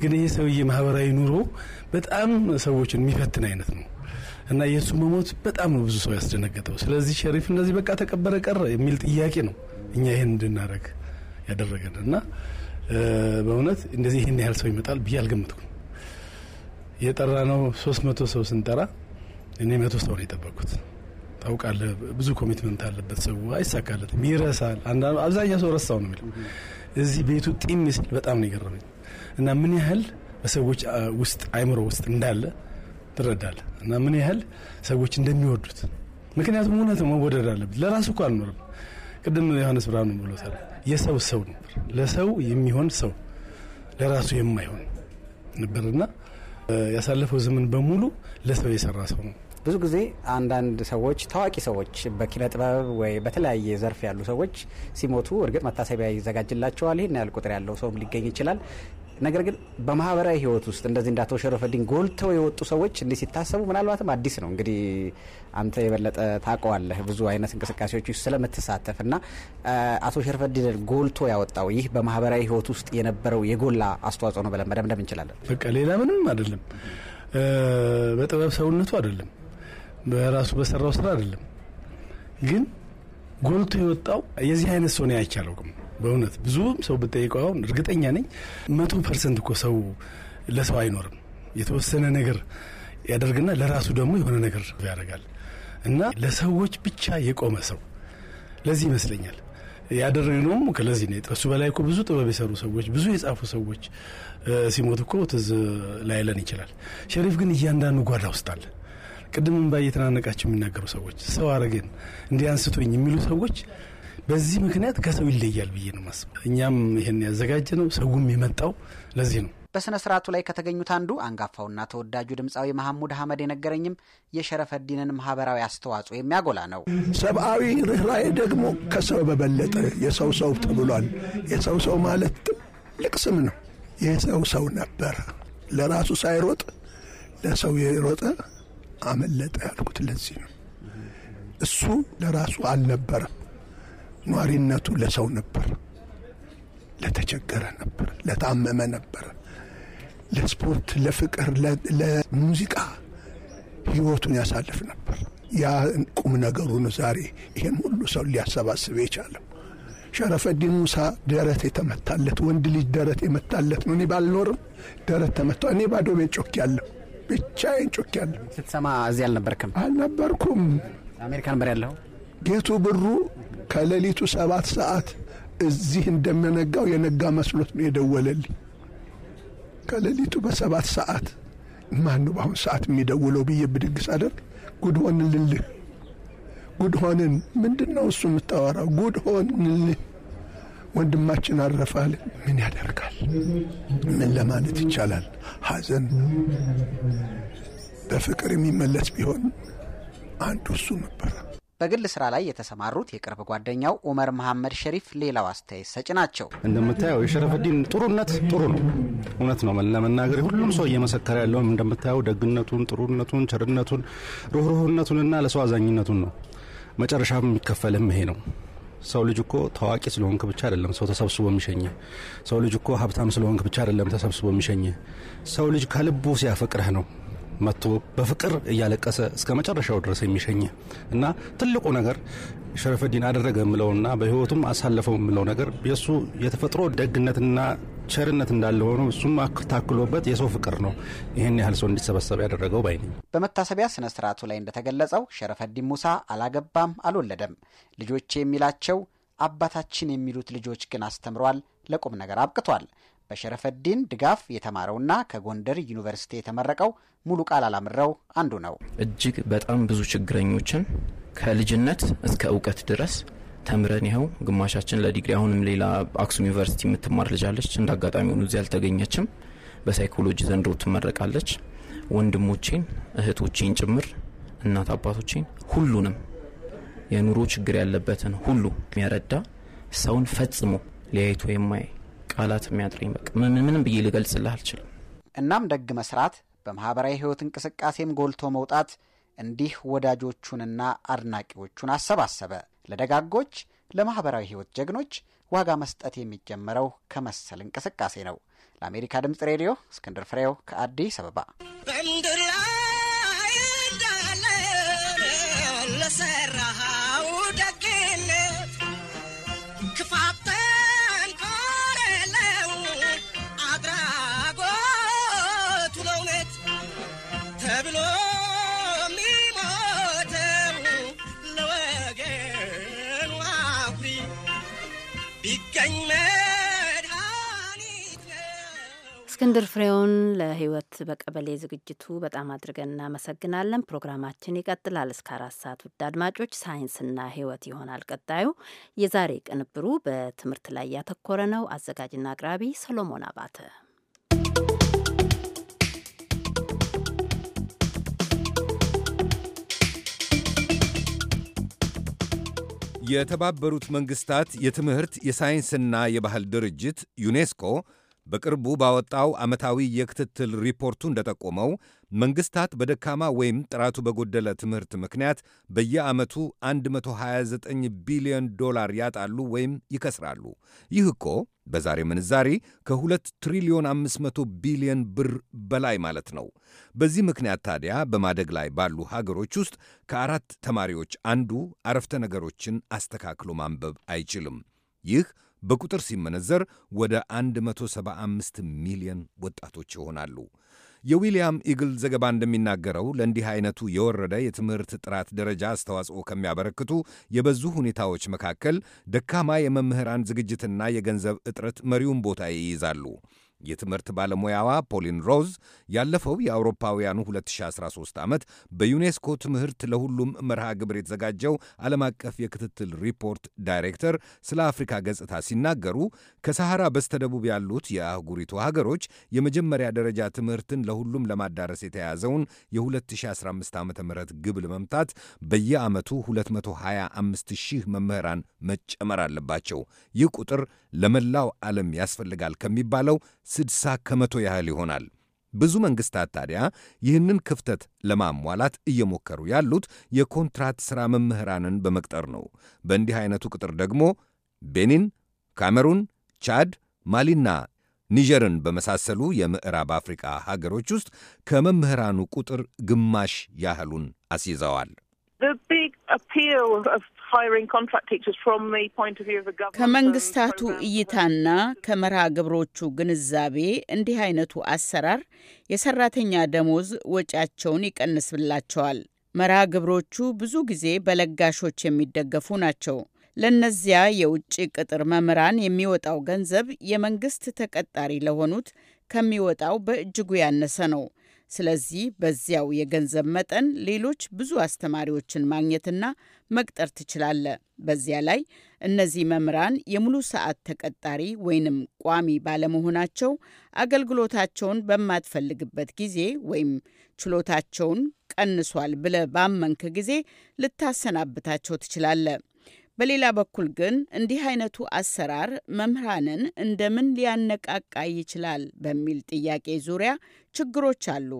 ግን ይህ ሰውዬ ማህበራዊ ኑሮ በጣም ሰዎችን የሚፈትን አይነት ነው እና የእሱ መሞት በጣም ነው ብዙ ሰው ያስደነገጠው። ስለዚህ ሸሪፍ እንደዚህ በቃ ተቀበረ ቀረ የሚል ጥያቄ ነው እኛ ይህን እንድናደረግ ያደረገን እና በእውነት እንደዚህ ይህን ያህል ሰው ይመጣል ብዬ አልገምትኩም። የጠራ ነው። ሶስት መቶ ሰው ስንጠራ እኔ መቶ ሰው ነው የጠበቅኩት። ታውቃለህ፣ ብዙ ኮሚትመንት አለበት ሰው አይሳካለትም፣ ይረሳል። አብዛኛው ሰው ረሳው ነው የሚለው። እዚህ ቤቱ ጢም ሲል በጣም ነው የገረመኝ እና ምን ያህል በሰዎች ውስጥ አይምሮ ውስጥ እንዳለ ትረዳለ እና ምን ያህል ሰዎች እንደሚወዱት ምክንያቱም እውነት መወደድ አለበት። ለራሱ እኮ አልኖርም። ቅድም ዮሐንስ ብርሃኑ ብሎታል። የሰው ሰው ነበር፣ ለሰው የሚሆን ሰው ለራሱ የማይሆን ነበርና ያሳለፈው ዘመን በሙሉ ለሰው የሰራ ሰው ነው። ብዙ ጊዜ አንዳንድ ሰዎች ታዋቂ ሰዎች በኪነ ጥበብ ወይ በተለያየ ዘርፍ ያሉ ሰዎች ሲሞቱ እርግጥ መታሰቢያ ይዘጋጅላቸዋል። ይህን ያህል ቁጥር ያለው ሰውም ሊገኝ ይችላል። ነገር ግን በማህበራዊ ህይወት ውስጥ እንደዚህ እንዳቶ ሸረፈዲን ጎልተው የወጡ ሰዎች እንዲህ ሲታሰቡ ምናልባትም አዲስ ነው እንግዲህ አንተ የበለጠ ታውቀዋለህ ብዙ አይነት እንቅስቃሴዎች ውስጥ ስለምትሳተፍ እና አቶ ሸረፈዲን ጎልቶ ያወጣው ይህ በማህበራዊ ህይወት ውስጥ የነበረው የጎላ አስተዋጽኦ ነው ብለን መደምደም እንችላለን። በቃ ሌላ ምንም አይደለም። በጥበብ ሰውነቱ አይደለም፣ በራሱ በሰራው ስራ አይደለም። ግን ጎልቶ የወጣው የዚህ አይነት ሰው ነው በእውነት ብዙም ሰው ብጠይቀው አሁን እርግጠኛ ነኝ መቶ ፐርሰንት እኮ ሰው ለሰው አይኖርም። የተወሰነ ነገር ያደርግና ለራሱ ደግሞ የሆነ ነገር ያደርጋል እና ለሰዎች ብቻ የቆመ ሰው ለዚህ ይመስለኛል ያደረግነውም ከለዚህ ነው። ከሱ በላይ እኮ ብዙ ጥበብ የሰሩ ሰዎች፣ ብዙ የጻፉ ሰዎች ሲሞት እኮ ትዝ ላይለን ይችላል። ሸሪፍ ግን እያንዳንዱ ጓዳ ውስጥ አለ። ቅድም እምባ እየተናነቃቸው የሚናገሩ ሰዎች ሰው አረገን እንዲህ አንስቶኝ የሚሉ ሰዎች በዚህ ምክንያት ከሰው ይለያል ብዬ ነው ማስበው። እኛም ይህን ያዘጋጀ ነው፣ ሰውም የመጣው ለዚህ ነው። በሥነ ሥርዓቱ ላይ ከተገኙት አንዱ አንጋፋውና ተወዳጁ ድምፃዊ መሐሙድ አህመድ የነገረኝም የሸረፈዲንን ማህበራዊ አስተዋጽኦ የሚያጎላ ነው። ሰብአዊ ርኅራዬ ደግሞ ከሰው በበለጠ የሰው ሰው ተብሏል። የሰው ሰው ማለት ትልቅ ስም ነው። የሰው ሰው ነበረ፣ ለራሱ ሳይሮጥ ለሰው የሮጠ አመለጠ ያልኩት ለዚህ ነው። እሱ ለራሱ አልነበረም ኗሪነቱ ለሰው ነበር፣ ለተቸገረ ነበር፣ ለታመመ ነበር። ለስፖርት፣ ለፍቅር፣ ለሙዚቃ ህይወቱን ያሳልፍ ነበር። ያ ቁም ነገሩን ዛሬ ይሄን ሁሉ ሰው ሊያሰባስብ የቻለው። ሸረፈዲን ሙሳ ደረት የተመታለት ወንድ ልጅ ደረት የመታለት ነው። እኔ ባልኖርም ደረት ተመታ። እኔ ባዶ ቤት ጮክ ያለሁ ብቻዬን ጮክ ያለሁ። ስትሰማ እዚህ አልነበርክም? አልነበርኩም። አሜሪካ ነበር ያለው። ጌቱ ብሩ ከሌሊቱ ሰባት ሰዓት እዚህ እንደምነጋው የነጋ መስሎት ነው የደወለልኝ። ከሌሊቱ በሰባት ሰዓት ማን በአሁኑ በአሁን ሰዓት የሚደውለው ብዬ ብድግ ሳደርግ ጉድ ሆንልልህ፣ ጉድ ሆንን። ምንድን ነው እሱ የምታወራው? ጉድ ሆንልህ፣ ወንድማችን አረፋል። ምን ያደርጋል? ምን ለማለት ይቻላል? ሀዘን በፍቅር የሚመለስ ቢሆን አንዱ እሱ ነበረ። በግል ስራ ላይ የተሰማሩት የቅርብ ጓደኛው ኡመር መሐመድ ሸሪፍ ሌላው አስተያየት ሰጭ ናቸው። እንደምታየው የሸረፈዲን ጥሩነት ጥሩ ነው፣ እውነት ነው ለመናገር ሁሉም ሰው እየመሰከረ ያለውም እንደምታየው ደግነቱን፣ ጥሩነቱን፣ ቸርነቱን፣ ሩህሩህነቱንና ለሰው አዛኝነቱን ነው። መጨረሻ የሚከፈልም ይሄ ነው። ሰው ልጅ እኮ ታዋቂ ስለሆንክ ብቻ አይደለም ሰው ተሰብስቦ የሚሸኝ። ሰው ልጅ እኮ ሀብታም ስለሆንክ ብቻ አይደለም ተሰብስቦ የሚሸኝ። ሰው ልጅ ከልቡ ሲያፈቅረህ ነው መጥቶ በፍቅር እያለቀሰ እስከ መጨረሻው ድረስ የሚሸኘ እና ትልቁ ነገር ሸረፈዲን አደረገ የምለውና በህይወቱም አሳለፈው የምለው ነገር የእሱ የተፈጥሮ ደግነትና ቸርነት እንዳለ ሆኖ እሱም ታክሎበት የሰው ፍቅር ነው ይህን ያህል ሰው እንዲሰበሰብ ያደረገው ባይ በመታሰቢያ ስነ ስርዓቱ ላይ እንደተገለጸው ሸረፈዲን ሙሳ አላገባም፣ አልወለደም። ልጆቼ የሚላቸው አባታችን የሚሉት ልጆች ግን አስተምሯል፣ ለቁም ነገር አብቅቷል። በሸረፈዲን ድጋፍ የተማረውና ከጎንደር ዩኒቨርሲቲ የተመረቀው ሙሉ ቃል አላምረው አንዱ ነው። እጅግ በጣም ብዙ ችግረኞችን ከልጅነት እስከ እውቀት ድረስ ተምረን ይኸው ግማሻችን ለዲግሪ አሁንም ሌላ አክሱም ዩኒቨርሲቲ የምትማር ልጃለች እንደ አጋጣሚ ሆኑ እዚህ አልተገኘችም። በሳይኮሎጂ ዘንድሮ ትመረቃለች። ወንድሞቼን እህቶቼን ጭምር እናት አባቶቼን ሁሉንም የኑሮ ችግር ያለበትን ሁሉ የሚያረዳ ሰውን ፈጽሞ ሊያይቶ የማይ ቃላት የሚያጥረኝ በቃ ምንም ብዬ ልገልጽልህ አልችልም። እናም ደግ መስራት፣ በማህበራዊ ህይወት እንቅስቃሴም ጎልቶ መውጣት እንዲህ ወዳጆቹንና አድናቂዎቹን አሰባሰበ። ለደጋጎች ለማህበራዊ ህይወት ጀግኖች ዋጋ መስጠት የሚጀመረው ከመሰል እንቅስቃሴ ነው። ለአሜሪካ ድምፅ ሬዲዮ እስክንድር ፍሬው ከአዲስ አበባ እስክንድር ፍሬውን ለህይወት በቀበሌ ዝግጅቱ በጣም አድርገን እናመሰግናለን። ፕሮግራማችን ይቀጥላል እስከ አራት ሰዓት። ውድ አድማጮች፣ ሳይንስና ህይወት ይሆናል ቀጣዩ። የዛሬ ቅንብሩ በትምህርት ላይ ያተኮረ ነው። አዘጋጅና አቅራቢ ሰሎሞን አባተ። የተባበሩት መንግስታት የትምህርት የሳይንስና የባህል ድርጅት ዩኔስኮ በቅርቡ ባወጣው ዓመታዊ የክትትል ሪፖርቱ እንደጠቆመው መንግሥታት በደካማ ወይም ጥራቱ በጎደለ ትምህርት ምክንያት በየዓመቱ 129 ቢሊዮን ዶላር ያጣሉ ወይም ይከስራሉ። ይህ እኮ በዛሬ ምንዛሪ ከ2 ትሪሊዮን 500 ቢሊዮን ብር በላይ ማለት ነው። በዚህ ምክንያት ታዲያ በማደግ ላይ ባሉ ሀገሮች ውስጥ ከአራት ተማሪዎች አንዱ አረፍተ ነገሮችን አስተካክሎ ማንበብ አይችልም። ይህ በቁጥር ሲመነዘር ወደ 175 ሚሊዮን ወጣቶች ይሆናሉ። የዊልያም ኢግል ዘገባ እንደሚናገረው ለእንዲህ አይነቱ የወረደ የትምህርት ጥራት ደረጃ አስተዋጽኦ ከሚያበረክቱ የበዙ ሁኔታዎች መካከል ደካማ የመምህራን ዝግጅትና የገንዘብ እጥረት መሪውን ቦታ ይይዛሉ። የትምህርት ባለሙያዋ ፖሊን ሮዝ ያለፈው የአውሮፓውያኑ 2013 ዓመት በዩኔስኮ ትምህርት ለሁሉም መርሃ ግብር የተዘጋጀው ዓለም አቀፍ የክትትል ሪፖርት ዳይሬክተር ስለ አፍሪካ ገጽታ ሲናገሩ ከሰሐራ በስተደቡብ ያሉት የአህጉሪቱ ሀገሮች የመጀመሪያ ደረጃ ትምህርትን ለሁሉም ለማዳረስ የተያዘውን የ2015 ዓ ም ግብ ለመምታት በየዓመቱ 225 ሺህ መምህራን መጨመር አለባቸው። ይህ ቁጥር ለመላው ዓለም ያስፈልጋል ከሚባለው 60 ከመቶ ያህል ይሆናል። ብዙ መንግስታት ታዲያ ይህንን ክፍተት ለማሟላት እየሞከሩ ያሉት የኮንትራት ሥራ መምህራንን በመቅጠር ነው። በእንዲህ አይነቱ ቅጥር ደግሞ ቤኒን፣ ካሜሩን፣ ቻድ፣ ማሊና ኒጀርን በመሳሰሉ የምዕራብ አፍሪቃ ሀገሮች ውስጥ ከመምህራኑ ቁጥር ግማሽ ያህሉን አስይዘዋል። ከመንግስታቱ እይታና ከመርሃ ግብሮቹ ግንዛቤ እንዲህ አይነቱ አሰራር የሰራተኛ ደሞዝ ወጪያቸውን ይቀንስላቸዋል። መርሃ ግብሮቹ ብዙ ጊዜ በለጋሾች የሚደገፉ ናቸው። ለእነዚያ የውጭ ቅጥር መምህራን የሚወጣው ገንዘብ የመንግስት ተቀጣሪ ለሆኑት ከሚወጣው በእጅጉ ያነሰ ነው። ስለዚህ በዚያው የገንዘብ መጠን ሌሎች ብዙ አስተማሪዎችን ማግኘትና መቅጠር ትችላለ። በዚያ ላይ እነዚህ መምህራን የሙሉ ሰዓት ተቀጣሪ ወይንም ቋሚ ባለመሆናቸው አገልግሎታቸውን በማትፈልግበት ጊዜ ወይም ችሎታቸውን ቀንሷል ብለ ባመንክ ጊዜ ልታሰናብታቸው ትችላለ። በሌላ በኩል ግን እንዲህ አይነቱ አሰራር መምህራንን እንደምን ሊያነቃቃ ይችላል በሚል ጥያቄ ዙሪያ ችግሮች አሉ።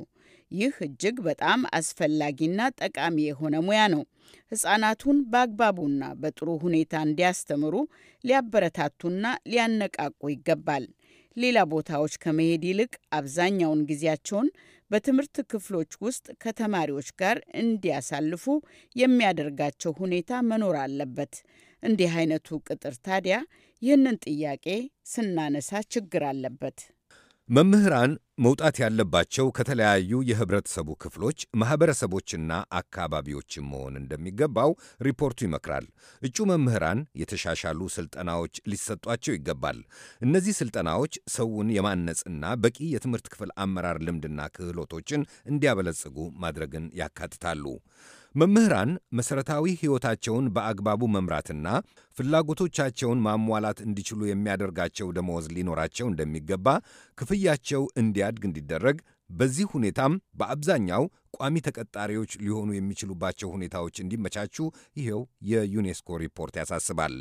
ይህ እጅግ በጣም አስፈላጊና ጠቃሚ የሆነ ሙያ ነው። ሕፃናቱን በአግባቡና በጥሩ ሁኔታ እንዲያስተምሩ ሊያበረታቱና ሊያነቃቁ ይገባል። ሌላ ቦታዎች ከመሄድ ይልቅ አብዛኛውን ጊዜያቸውን በትምህርት ክፍሎች ውስጥ ከተማሪዎች ጋር እንዲያሳልፉ የሚያደርጋቸው ሁኔታ መኖር አለበት። እንዲህ አይነቱ ቅጥር ታዲያ ይህንን ጥያቄ ስናነሳ ችግር አለበት። መምህራን መውጣት ያለባቸው ከተለያዩ የህብረተሰቡ ክፍሎች ማኅበረሰቦችና አካባቢዎችም መሆን እንደሚገባው ሪፖርቱ ይመክራል። እጩ መምህራን የተሻሻሉ ስልጠናዎች ሊሰጧቸው ይገባል። እነዚህ ስልጠናዎች ሰውን የማነጽና በቂ የትምህርት ክፍል አመራር ልምድና ክህሎቶችን እንዲያበለጽጉ ማድረግን ያካትታሉ። መምህራን መሠረታዊ ሕይወታቸውን በአግባቡ መምራትና ፍላጎቶቻቸውን ማሟላት እንዲችሉ የሚያደርጋቸው ደመወዝ ሊኖራቸው እንደሚገባ፣ ክፍያቸው እንዲያድግ እንዲደረግ፣ በዚህ ሁኔታም በአብዛኛው ቋሚ ተቀጣሪዎች ሊሆኑ የሚችሉባቸው ሁኔታዎች እንዲመቻቹ ይኸው የዩኔስኮ ሪፖርት ያሳስባል።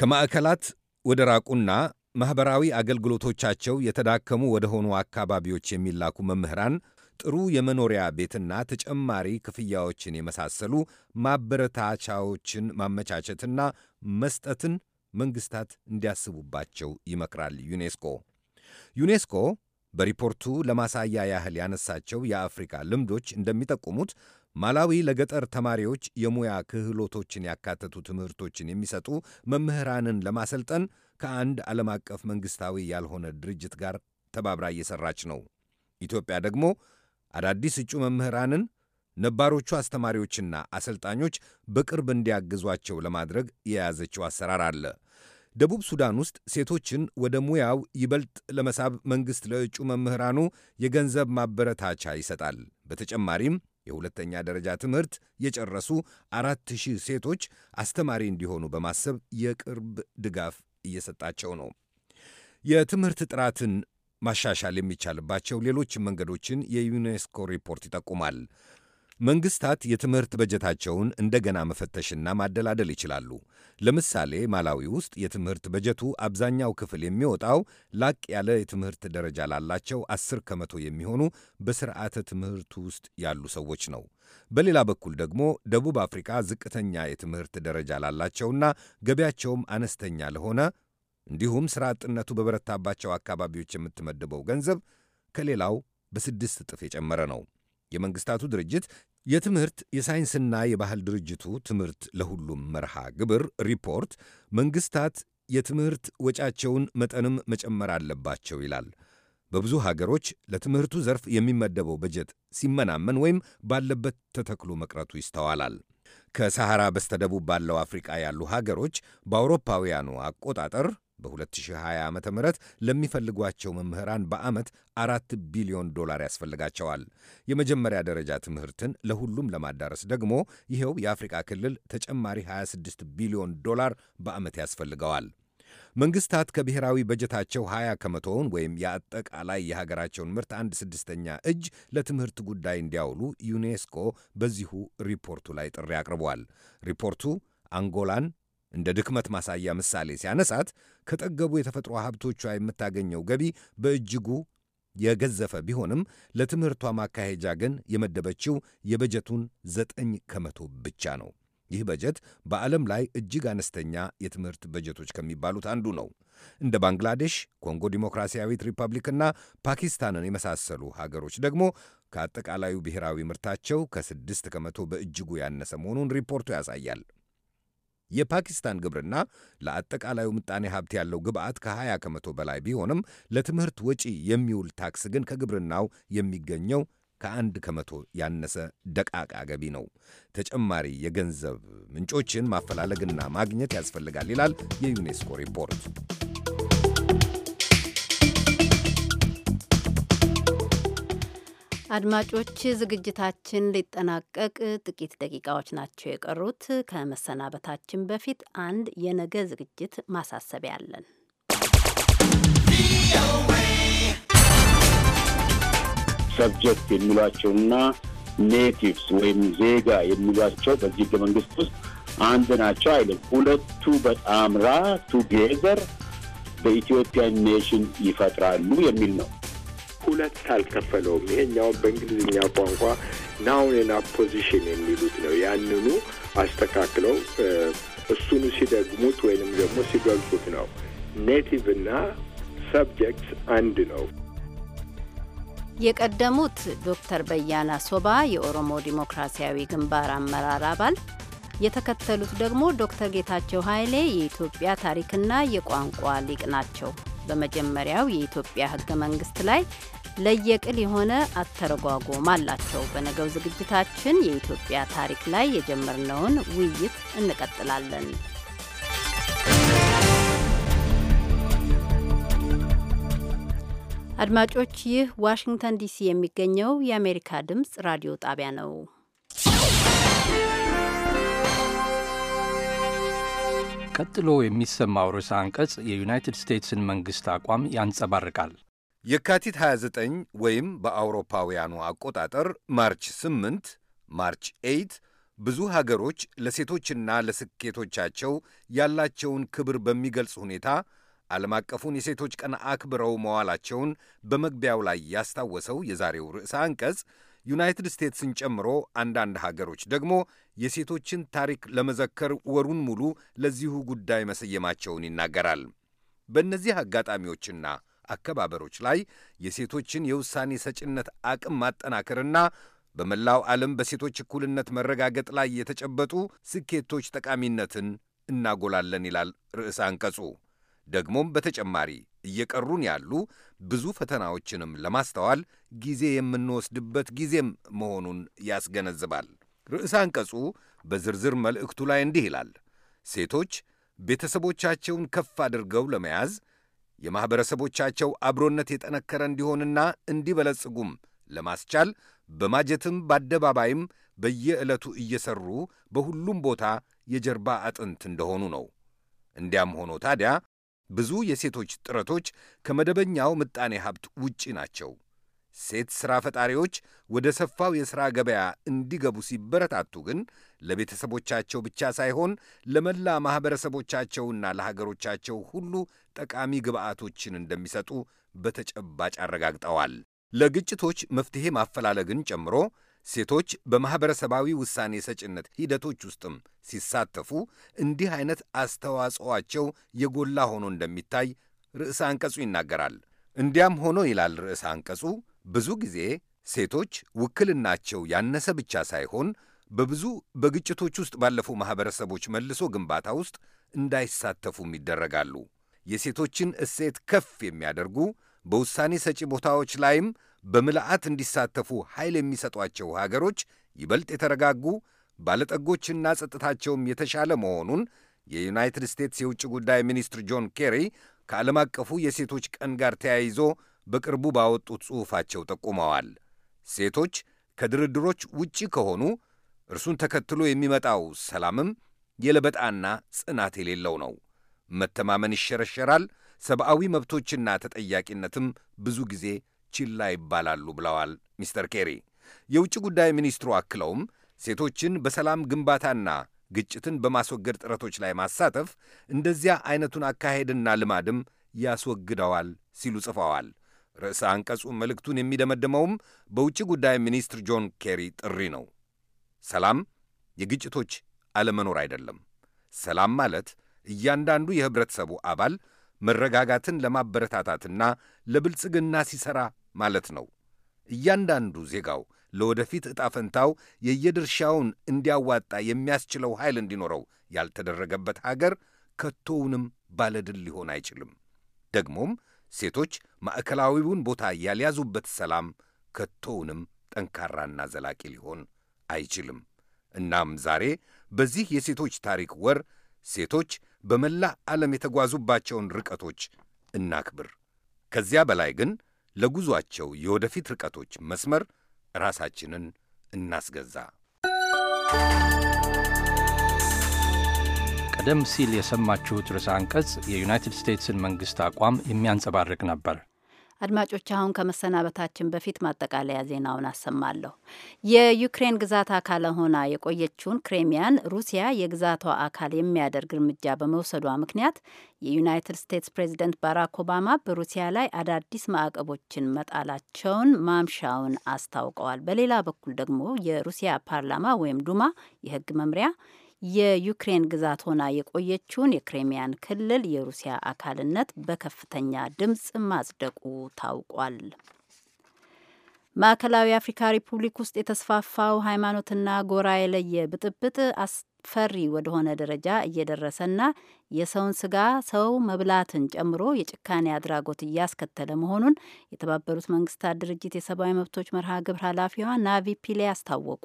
ከማዕከላት ወደ ራቁና ማኅበራዊ አገልግሎቶቻቸው የተዳከሙ ወደ ሆኑ አካባቢዎች የሚላኩ መምህራን ጥሩ የመኖሪያ ቤትና ተጨማሪ ክፍያዎችን የመሳሰሉ ማበረታቻዎችን ማመቻቸትና መስጠትን መንግስታት እንዲያስቡባቸው ይመክራል ዩኔስኮ። ዩኔስኮ በሪፖርቱ ለማሳያ ያህል ያነሳቸው የአፍሪካ ልምዶች እንደሚጠቁሙት ማላዊ ለገጠር ተማሪዎች የሙያ ክህሎቶችን ያካተቱ ትምህርቶችን የሚሰጡ መምህራንን ለማሰልጠን ከአንድ ዓለም አቀፍ መንግሥታዊ ያልሆነ ድርጅት ጋር ተባብራ እየሠራች ነው። ኢትዮጵያ ደግሞ አዳዲስ እጩ መምህራንን ነባሮቹ አስተማሪዎችና አሰልጣኞች በቅርብ እንዲያግዟቸው ለማድረግ የያዘችው አሰራር አለ። ደቡብ ሱዳን ውስጥ ሴቶችን ወደ ሙያው ይበልጥ ለመሳብ መንግሥት ለእጩ መምህራኑ የገንዘብ ማበረታቻ ይሰጣል። በተጨማሪም የሁለተኛ ደረጃ ትምህርት የጨረሱ አራት ሺህ ሴቶች አስተማሪ እንዲሆኑ በማሰብ የቅርብ ድጋፍ እየሰጣቸው ነው። የትምህርት ጥራትን ማሻሻል የሚቻልባቸው ሌሎች መንገዶችን የዩኔስኮ ሪፖርት ይጠቁማል። መንግስታት የትምህርት በጀታቸውን እንደገና መፈተሽና ማደላደል ይችላሉ። ለምሳሌ ማላዊ ውስጥ የትምህርት በጀቱ አብዛኛው ክፍል የሚወጣው ላቅ ያለ የትምህርት ደረጃ ላላቸው አስር ከመቶ የሚሆኑ በስርዓተ ትምህርቱ ውስጥ ያሉ ሰዎች ነው። በሌላ በኩል ደግሞ ደቡብ አፍሪካ ዝቅተኛ የትምህርት ደረጃ ላላቸውና ገቢያቸውም አነስተኛ ለሆነ እንዲሁም ሥራ አጥነቱ በበረታባቸው አካባቢዎች የምትመድበው ገንዘብ ከሌላው በስድስት እጥፍ የጨመረ ነው። የመንግሥታቱ ድርጅት የትምህርት የሳይንስና የባህል ድርጅቱ ትምህርት ለሁሉም መርሃ ግብር ሪፖርት መንግሥታት የትምህርት ወጫቸውን መጠንም መጨመር አለባቸው ይላል። በብዙ ሀገሮች ለትምህርቱ ዘርፍ የሚመደበው በጀት ሲመናመን ወይም ባለበት ተተክሎ መቅረቱ ይስተዋላል። ከሰሐራ በስተደቡብ ባለው አፍሪቃ ያሉ ሀገሮች በአውሮፓውያኑ አቆጣጠር በ2020 ዓ ም ለሚፈልጓቸው መምህራን በዓመት አራት ቢሊዮን ዶላር ያስፈልጋቸዋል። የመጀመሪያ ደረጃ ትምህርትን ለሁሉም ለማዳረስ ደግሞ ይኸው የአፍሪቃ ክልል ተጨማሪ 26 ቢሊዮን ዶላር በዓመት ያስፈልገዋል። መንግስታት ከብሔራዊ በጀታቸው 20 ከመቶውን ወይም የአጠቃላይ የሀገራቸውን ምርት አንድ ስድስተኛ እጅ ለትምህርት ጉዳይ እንዲያውሉ ዩኔስኮ በዚሁ ሪፖርቱ ላይ ጥሪ አቅርቧል። ሪፖርቱ አንጎላን እንደ ድክመት ማሳያ ምሳሌ ሲያነሳት ከጠገቡ የተፈጥሮ ሀብቶቿ የምታገኘው ገቢ በእጅጉ የገዘፈ ቢሆንም ለትምህርቷ ማካሄጃ ግን የመደበችው የበጀቱን ዘጠኝ ከመቶ ብቻ ነው። ይህ በጀት በዓለም ላይ እጅግ አነስተኛ የትምህርት በጀቶች ከሚባሉት አንዱ ነው። እንደ ባንግላዴሽ፣ ኮንጎ ዲሞክራሲያዊት ሪፐብሊክና ፓኪስታንን የመሳሰሉ ሀገሮች ደግሞ ከአጠቃላዩ ብሔራዊ ምርታቸው ከስድስት ከመቶ በእጅጉ ያነሰ መሆኑን ሪፖርቱ ያሳያል። የፓኪስታን ግብርና ለአጠቃላዩ ምጣኔ ሀብት ያለው ግብአት ከ20 ከመቶ በላይ ቢሆንም ለትምህርት ወጪ የሚውል ታክስ ግን ከግብርናው የሚገኘው ከአንድ ከመቶ ያነሰ ደቃቃ ገቢ ነው። ተጨማሪ የገንዘብ ምንጮችን ማፈላለግና ማግኘት ያስፈልጋል ይላል የዩኔስኮ ሪፖርት። አድማጮች ዝግጅታችን ሊጠናቀቅ ጥቂት ደቂቃዎች ናቸው የቀሩት። ከመሰናበታችን በፊት አንድ የነገ ዝግጅት ማሳሰቢያ አለን። ሰብጀክት የሚሏቸውና ኔቲቭስ ወይም ዜጋ የሚሏቸው በዚህ ህገ መንግስት ውስጥ አንድ ናቸው አይልም። ሁለቱ በጣምራ ቱጌዘር በኢትዮጵያ ኔሽን ይፈጥራሉ የሚል ነው። ሁለት አልከፈለውም። ይሄኛውን በእንግሊዝኛ ቋንቋ ናውን ና ፖዚሽን የሚሉት ነው። ያንኑ አስተካክለው እሱኑ ሲደግሙት ወይንም ደግሞ ሲገልጹት ነው ኔቲቭ እና ሰብጀክት አንድ ነው። የቀደሙት ዶክተር በያና ሶባ የኦሮሞ ዲሞክራሲያዊ ግንባር አመራር አባል፣ የተከተሉት ደግሞ ዶክተር ጌታቸው ኃይሌ የኢትዮጵያ ታሪክና የቋንቋ ሊቅ ናቸው። በመጀመሪያው የኢትዮጵያ ሕገ መንግስት ላይ ለየቅል የሆነ አተረጓጎም አላቸው። በነገው ዝግጅታችን የኢትዮጵያ ታሪክ ላይ የጀመርነውን ውይይት እንቀጥላለን። አድማጮች፣ ይህ ዋሽንግተን ዲሲ የሚገኘው የአሜሪካ ድምፅ ራዲዮ ጣቢያ ነው። ቀጥሎ የሚሰማው ርዕሰ አንቀጽ የዩናይትድ ስቴትስን መንግስት አቋም ያንጸባርቃል። የካቲት 29 ወይም በአውሮፓውያኑ አቆጣጠር ማርች 8 ማርች 8 ብዙ ሀገሮች ለሴቶችና ለስኬቶቻቸው ያላቸውን ክብር በሚገልጽ ሁኔታ ዓለም አቀፉን የሴቶች ቀን አክብረው መዋላቸውን በመግቢያው ላይ ያስታወሰው የዛሬው ርዕሰ አንቀጽ ዩናይትድ ስቴትስን ጨምሮ አንዳንድ ሀገሮች ደግሞ የሴቶችን ታሪክ ለመዘከር ወሩን ሙሉ ለዚሁ ጉዳይ መሰየማቸውን ይናገራል። በእነዚህ አጋጣሚዎችና አከባበሮች ላይ የሴቶችን የውሳኔ ሰጭነት አቅም ማጠናከርና በመላው ዓለም በሴቶች እኩልነት መረጋገጥ ላይ የተጨበጡ ስኬቶች ጠቃሚነትን እናጎላለን ይላል ርዕሰ አንቀጹ። ደግሞም በተጨማሪ እየቀሩን ያሉ ብዙ ፈተናዎችንም ለማስተዋል ጊዜ የምንወስድበት ጊዜም መሆኑን ያስገነዝባል። ርዕሰ አንቀጹ በዝርዝር መልእክቱ ላይ እንዲህ ይላል። ሴቶች ቤተሰቦቻቸውን ከፍ አድርገው ለመያዝ የማኅበረሰቦቻቸው አብሮነት የጠነከረ እንዲሆንና እንዲበለጽጉም ለማስቻል በማጀትም በአደባባይም በየዕለቱ እየሠሩ በሁሉም ቦታ የጀርባ አጥንት እንደሆኑ ነው። እንዲያም ሆኖ ታዲያ ብዙ የሴቶች ጥረቶች ከመደበኛው ምጣኔ ሀብት ውጪ ናቸው። ሴት ሥራ ፈጣሪዎች ወደ ሰፋው የሥራ ገበያ እንዲገቡ ሲበረታቱ ግን ለቤተሰቦቻቸው ብቻ ሳይሆን ለመላ ማኅበረሰቦቻቸውና ለሀገሮቻቸው ሁሉ ጠቃሚ ግብአቶችን እንደሚሰጡ በተጨባጭ አረጋግጠዋል። ለግጭቶች መፍትሔ ማፈላለግን ጨምሮ ሴቶች በማኅበረሰባዊ ውሳኔ ሰጭነት ሂደቶች ውስጥም ሲሳተፉ እንዲህ አይነት አስተዋጽኦአቸው የጎላ ሆኖ እንደሚታይ ርዕሰ አንቀጹ ይናገራል። እንዲያም ሆኖ ይላል ርዕሰ አንቀጹ ብዙ ጊዜ ሴቶች ውክልናቸው ያነሰ ብቻ ሳይሆን በብዙ በግጭቶች ውስጥ ባለፉ ማኅበረሰቦች መልሶ ግንባታ ውስጥ እንዳይሳተፉም ይደረጋሉ። የሴቶችን እሴት ከፍ የሚያደርጉ በውሳኔ ሰጪ ቦታዎች ላይም በምልአት እንዲሳተፉ ኃይል የሚሰጧቸው ሀገሮች ይበልጥ የተረጋጉ ባለጠጎችና ጸጥታቸውም የተሻለ መሆኑን የዩናይትድ ስቴትስ የውጭ ጉዳይ ሚኒስትር ጆን ኬሪ ከዓለም አቀፉ የሴቶች ቀን ጋር ተያይዞ በቅርቡ ባወጡት ጽሑፋቸው ጠቁመዋል። ሴቶች ከድርድሮች ውጪ ከሆኑ እርሱን ተከትሎ የሚመጣው ሰላምም የለበጣና ጽናት የሌለው ነው። መተማመን ይሸረሸራል፣ ሰብአዊ መብቶችና ተጠያቂነትም ብዙ ጊዜ ችላ ይባላሉ ብለዋል ሚስተር ኬሪ። የውጭ ጉዳይ ሚኒስትሩ አክለውም ሴቶችን በሰላም ግንባታና ግጭትን በማስወገድ ጥረቶች ላይ ማሳተፍ እንደዚያ አይነቱን አካሄድና ልማድም ያስወግደዋል ሲሉ ጽፈዋል። ርዕሰ አንቀጹ መልእክቱን የሚደመድመውም በውጭ ጉዳይ ሚኒስትር ጆን ኬሪ ጥሪ ነው። ሰላም የግጭቶች አለመኖር አይደለም። ሰላም ማለት እያንዳንዱ የህብረተሰቡ አባል መረጋጋትን ለማበረታታትና ለብልጽግና ሲሠራ ማለት ነው። እያንዳንዱ ዜጋው ለወደፊት ዕጣ ፈንታው የየድርሻውን እንዲያዋጣ የሚያስችለው ኃይል እንዲኖረው ያልተደረገበት አገር ከቶውንም ባለድል ሊሆን አይችልም። ደግሞም ሴቶች ማዕከላዊውን ቦታ ያልያዙበት ሰላም ከቶውንም ጠንካራና ዘላቂ ሊሆን አይችልም። እናም ዛሬ በዚህ የሴቶች ታሪክ ወር ሴቶች በመላ ዓለም የተጓዙባቸውን ርቀቶች እናክብር። ከዚያ በላይ ግን ለጉዟቸው የወደፊት ርቀቶች መስመር ራሳችንን እናስገዛ። ቀደም ሲል የሰማችሁት ርዕሰ አንቀጽ የዩናይትድ ስቴትስን መንግሥት አቋም የሚያንጸባርቅ ነበር። አድማጮች አሁን ከመሰናበታችን በፊት ማጠቃለያ ዜናውን አሰማለሁ። የዩክሬን ግዛት አካል ሆና የቆየችውን ክሬሚያን ሩሲያ የግዛቷ አካል የሚያደርግ እርምጃ በመውሰዷ ምክንያት የዩናይትድ ስቴትስ ፕሬዚደንት ባራክ ኦባማ በሩሲያ ላይ አዳዲስ ማዕቀቦችን መጣላቸውን ማምሻውን አስታውቀዋል። በሌላ በኩል ደግሞ የሩሲያ ፓርላማ ወይም ዱማ የህግ መምሪያ የዩክሬን ግዛት ሆና የቆየችውን የክሬሚያን ክልል የሩሲያ አካልነት በከፍተኛ ድምፅ ማጽደቁ ታውቋል። ማዕከላዊ አፍሪካ ሪፑብሊክ ውስጥ የተስፋፋው ሃይማኖትና ጎራ የለየ ብጥብጥ ፈሪ ወደሆነ ደረጃ እየደረሰና የሰውን ስጋ ሰው መብላትን ጨምሮ የጭካኔ አድራጎት እያስከተለ መሆኑን የተባበሩት መንግስታት ድርጅት የሰብአዊ መብቶች መርሃ ግብር ኃላፊዋ ናቪ ፒሌ አስታወቁ።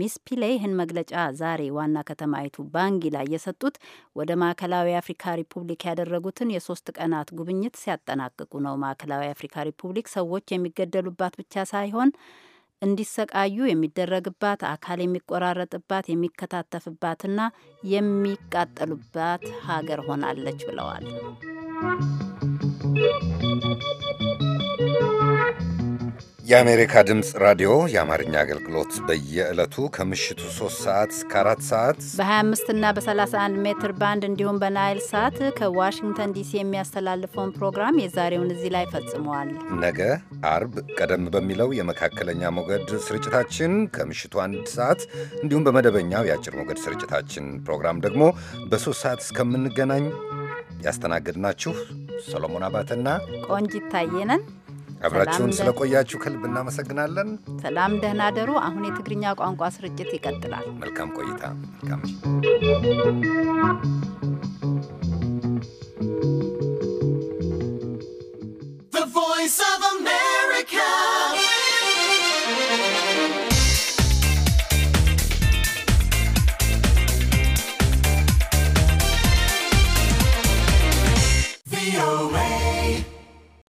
ሚስ ፒሌ ይህን መግለጫ ዛሬ ዋና ከተማይቱ ባንጊ ላይ የሰጡት ወደ ማዕከላዊ አፍሪካ ሪፑብሊክ ያደረጉትን የሶስት ቀናት ጉብኝት ሲያጠናቅቁ ነው። ማዕከላዊ አፍሪካ ሪፑብሊክ ሰዎች የሚገደሉባት ብቻ ሳይሆን እንዲሰቃዩ የሚደረግባት፣ አካል የሚቆራረጥባት፣ የሚከታተፍባትና የሚቃጠሉባት ሀገር ሆናለች ብለዋል። የአሜሪካ ድምፅ ራዲዮ የአማርኛ አገልግሎት በየዕለቱ ከምሽቱ 3 ሰዓት እስከ 4 ሰዓት በ25 እና በ31 ሜትር ባንድ እንዲሁም በናይል ሳት ከዋሽንግተን ዲሲ የሚያስተላልፈውን ፕሮግራም የዛሬውን እዚህ ላይ ፈጽመዋል። ነገ አርብ ቀደም በሚለው የመካከለኛ ሞገድ ስርጭታችን ከምሽቱ አንድ ሰዓት እንዲሁም በመደበኛው የአጭር ሞገድ ስርጭታችን ፕሮግራም ደግሞ በሶስት ሰዓት እስከምንገናኝ ናችሁ ሰሎሞን አባተና ቆንጂት ታየነን አብራችሁን ስለቆያችሁ ከልብ እናመሰግናለን። ሰላም፣ ደህና ደሩ። አሁን የትግርኛ ቋንቋ ስርጭት ይቀጥላል። መልካም ቆይታ። መልካም